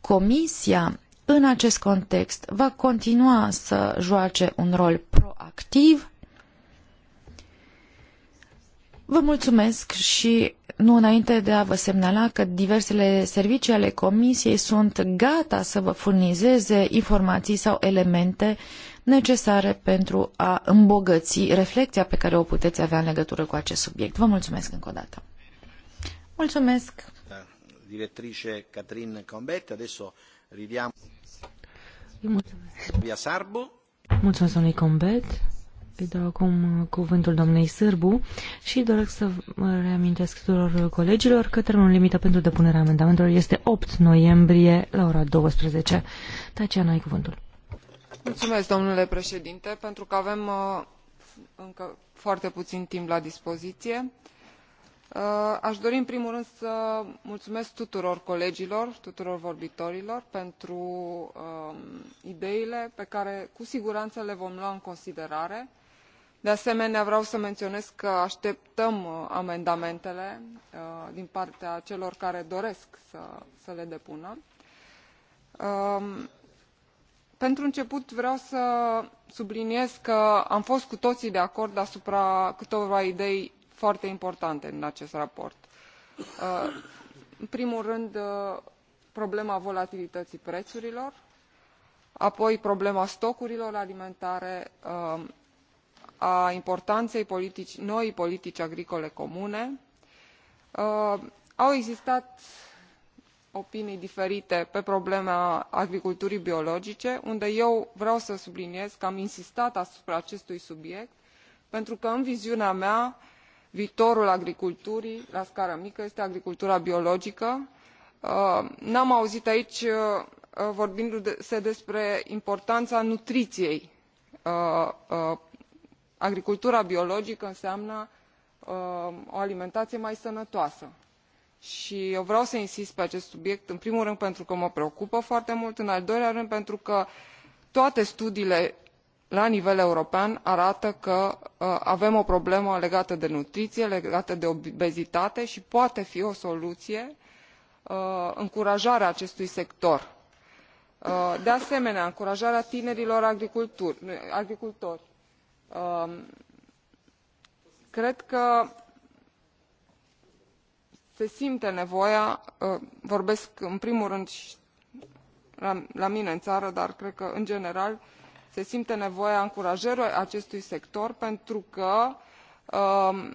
Comisia, în acest context, va continua să joace un rol proactiv. Vă mulțumesc și nu înainte de a vă semnala că diversele servicii ale Comisiei sunt gata să vă furnizeze informații sau elemente necesare pentru a îmbogăți reflecția pe care o puteți avea în legătură cu acest subiect. Vă mulțumesc încă o dată. Mulțumesc. Directrice Catherine Combet. adesso ridiamo Mulțumesc. Via Sarbu. Mulțumesc, domnului Combet. Îi dau acum cuvântul domnului Sârbu și doresc să reamintesc tuturor colegilor că termenul limită pentru depunerea amendamentelor este 8 noiembrie la ora 12. Tatiana, ai cuvântul. Mulțumesc, domnule președinte, pentru că avem uh, încă foarte puțin timp la dispoziție. Uh, aș dori, în primul rând, să mulțumesc tuturor colegilor, tuturor vorbitorilor pentru um, ideile pe care, cu siguranță, le vom lua în considerare. De asemenea, vreau să menționez că așteptăm uh, amendamentele din partea celor care doresc să, le depună. Um, pentru început vreau să subliniez că am fost cu toții de acord asupra câtorva idei foarte importante în acest raport uh, în primul rând uh, problema volatilității prețurilor apoi problema stocurilor alimentare uh, a importanței noii politici agricole comune. au existat opinii diferite pe problema agriculturii biologice unde eu vreau să subliniez că am insistat asupra acestui subiect pentru că în viziunea mea viitorul agriculturii la scară mică este agricultura biologică. Uh, n am auzit aici uh, uh, vorbindu se despre importana nutriiei agricultura biologică înseamnă o alimentaie mai sănătoasă și eu vreau să insist pe acest subiect în primul rând pentru că mă preocupă foarte mult în al doilea rând pentru că toate studiile la nivel european arată că uh, avem o problemă legată de nutriție legată de obezitate și poate fi o soluție uh, încurajarea acestui sector. Uh, de asemenea încurajarea tinerilor agricultori. Uh, cred că se simte nevoia uh, vorbesc în primul rând la mine în ară dar cred că în general se simte nevoia încurajării acestui sector pentru că um,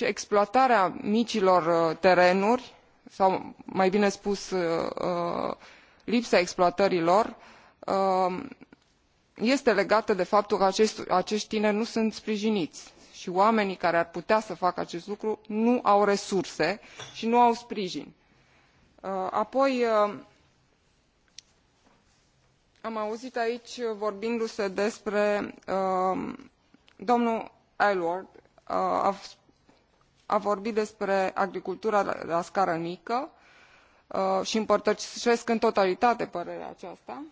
i exploatarea micilor uh, terenuri sau mai bine spus uh, lipsa exploatării lor um, este legată de faptul că aceti tineri nu sunt sprijinii i oamenii care ar putea să facă acest lucru nu au resurse i nu au sprijin. Uh, apoi, uh, am auzit aici vorbindu se despre uh, domnul aylward a, a vorbit despre agricultura la, la scară mică și împărtășesc în totalitate părerea aceasta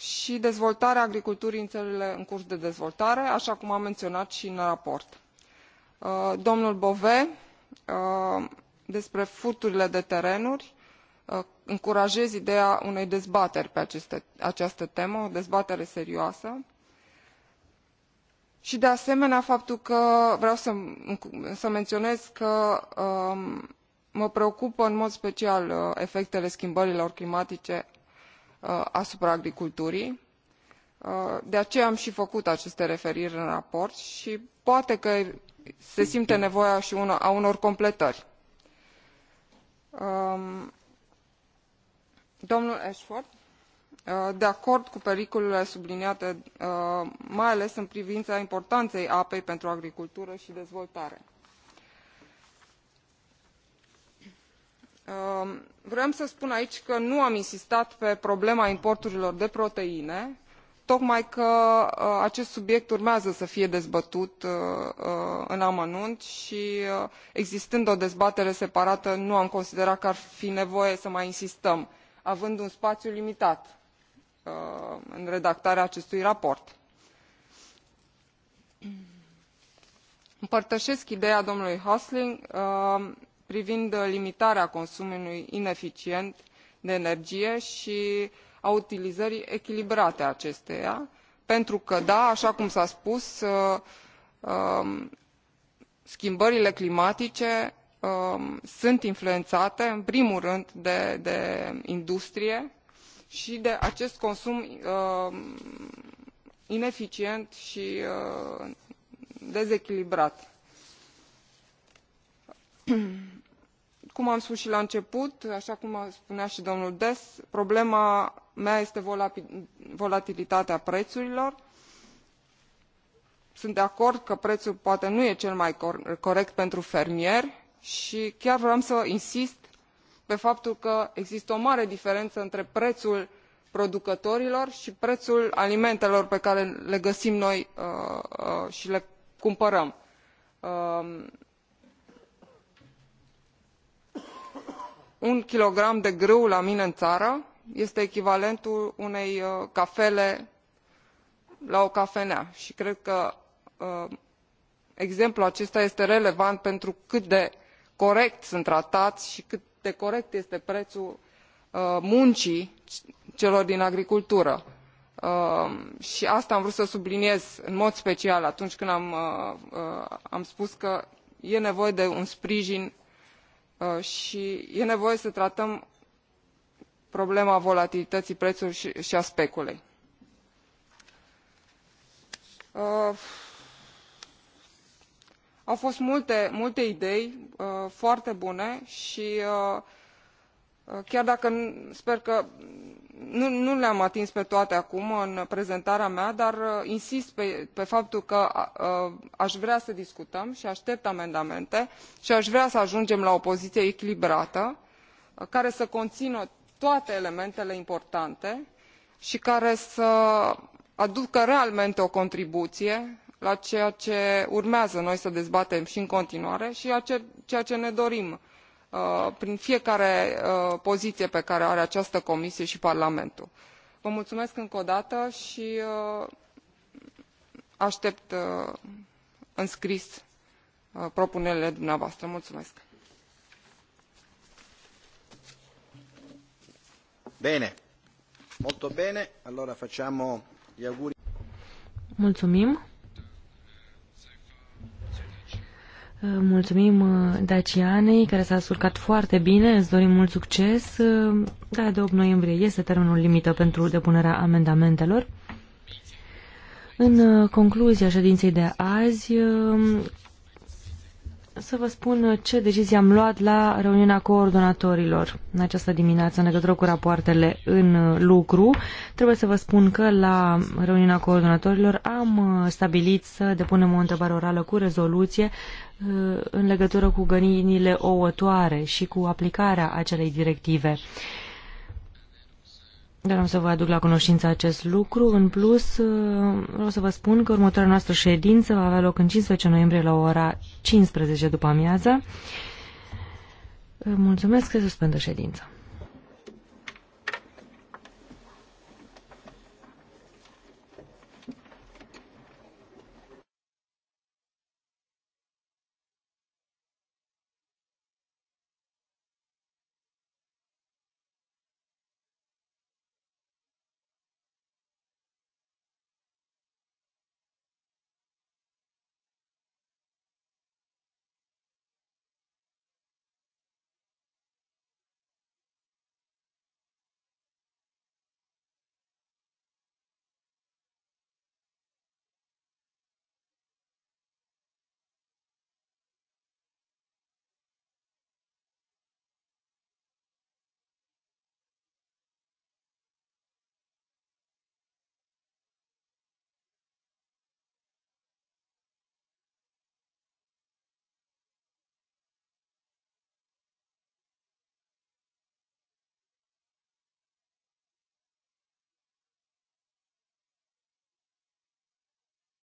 și dezvoltarea agriculturii în ările în curs de dezvoltare, așa cum am menționat și în raport. Uh, domnul Bové uh, despre furturile de terenuri, uh, încurajez ideea unei dezbateri pe aceste, această temă, o dezbatere serioasă. Și de asemenea faptul că vreau să, menionez menționez că um, mă preocupă în mod special efectele schimbărilor climatice Uh, asupra agriculturii uh, de aceea am i făcut aceste referiri în raport i poate că se simte nevoia i a unor completări. Um, domnul ashworth uh, de acord cu pericolele subliniate mai ales în privina importanei apei pentru agricultură i dezvoltare. Um, vreau să spun aici că nu am insistat pe problema importurilor de proteine tocmai că uh, acest subiect urmează să fie dezbătut uh, uh, în amănunt i existând o dezbatere separată nu am considerat că ar fi nevoie să mai insistăm având un spaiu limitat în redactarea acestui raport. împărtăesc ideea domnului husling privind uh, limitarea consumului ineficient de energie i a utilizării echilibrate a acesteia pentru că da aa cum s a spus uh, um, schimbările climatice um, sunt influenate în primul rând de, de industrie i de acest consum um, ineficient i uh, dezechilibrat cum am spus i la început aa cum spunea i domnul dess problema mea este volatilitatea preurilor. sunt de acord că preul poate nu este cel mai corect pentru fermieri i chiar vreau să insist pe faptul că există o mare diferenă între preul producătorilor i preul alimentelor pe care le găsim noi uh, uh, i le cumpărăm. Um, un kilogram de grâu la mine în ară este echivalentul unei uh, cafele la o cafenea și cred că uh, exemplul acesta este relevant pentru cât de corect sunt tratați și cât de corect este prețul uh, muncii celor din agricultură și asta am vrut să subliniez în mod special atunci când am, am spus că e nevoie de un sprijin Uh, și e nevoie să tratăm problema volatilității prețurilor și, și a speculei. Uh, au fost multe, multe idei uh, foarte bune și uh, chiar dacă sper că nu, le am atins pe toate acum în prezentarea mea dar uh, insist pe, pe faptul că a uh, vrea să discutăm i atept amendamente i a vrea să ajungem la o poziie echilibrată uh, care să conină toate elementele importante i care să aducă realmente o contribuie la ceea ce urmează noi să dezbatem i în continuare i la ceea ce ne dorim Uh, prin fiecare uh, poziie pe care o are această comisie i parlamentul. vă mulumesc încă o dată i uh, atept în scris propunerile dumneavoastră. mulumesc. Bine. Molto bene. Allora facciamo Mulțumim uh, Dacianei, care s-a surcat foarte bine, îți dorim mult succes. Da, de 8 noiembrie este termenul limită pentru depunerea amendamentelor. În uh, concluzia ședinței de azi, să vă spun ce decizie am luat la reuniunea coordonatorilor în această dimineață în legătură cu rapoartele în lucru. Trebuie să vă spun că la reuniunea coordonatorilor am uh, stabilit să depunem o întrebare orală cu rezoluție uh, în legătură cu găninile ouătoare și cu aplicarea acelei directive. Dar am să vă aduc la cunoștință acest lucru. În plus, uh, vreau să vă spun că următoarea noastră ședință va avea loc în 15 noiembrie la ora 15 după amiază. Mulțumesc că suspendă ședința.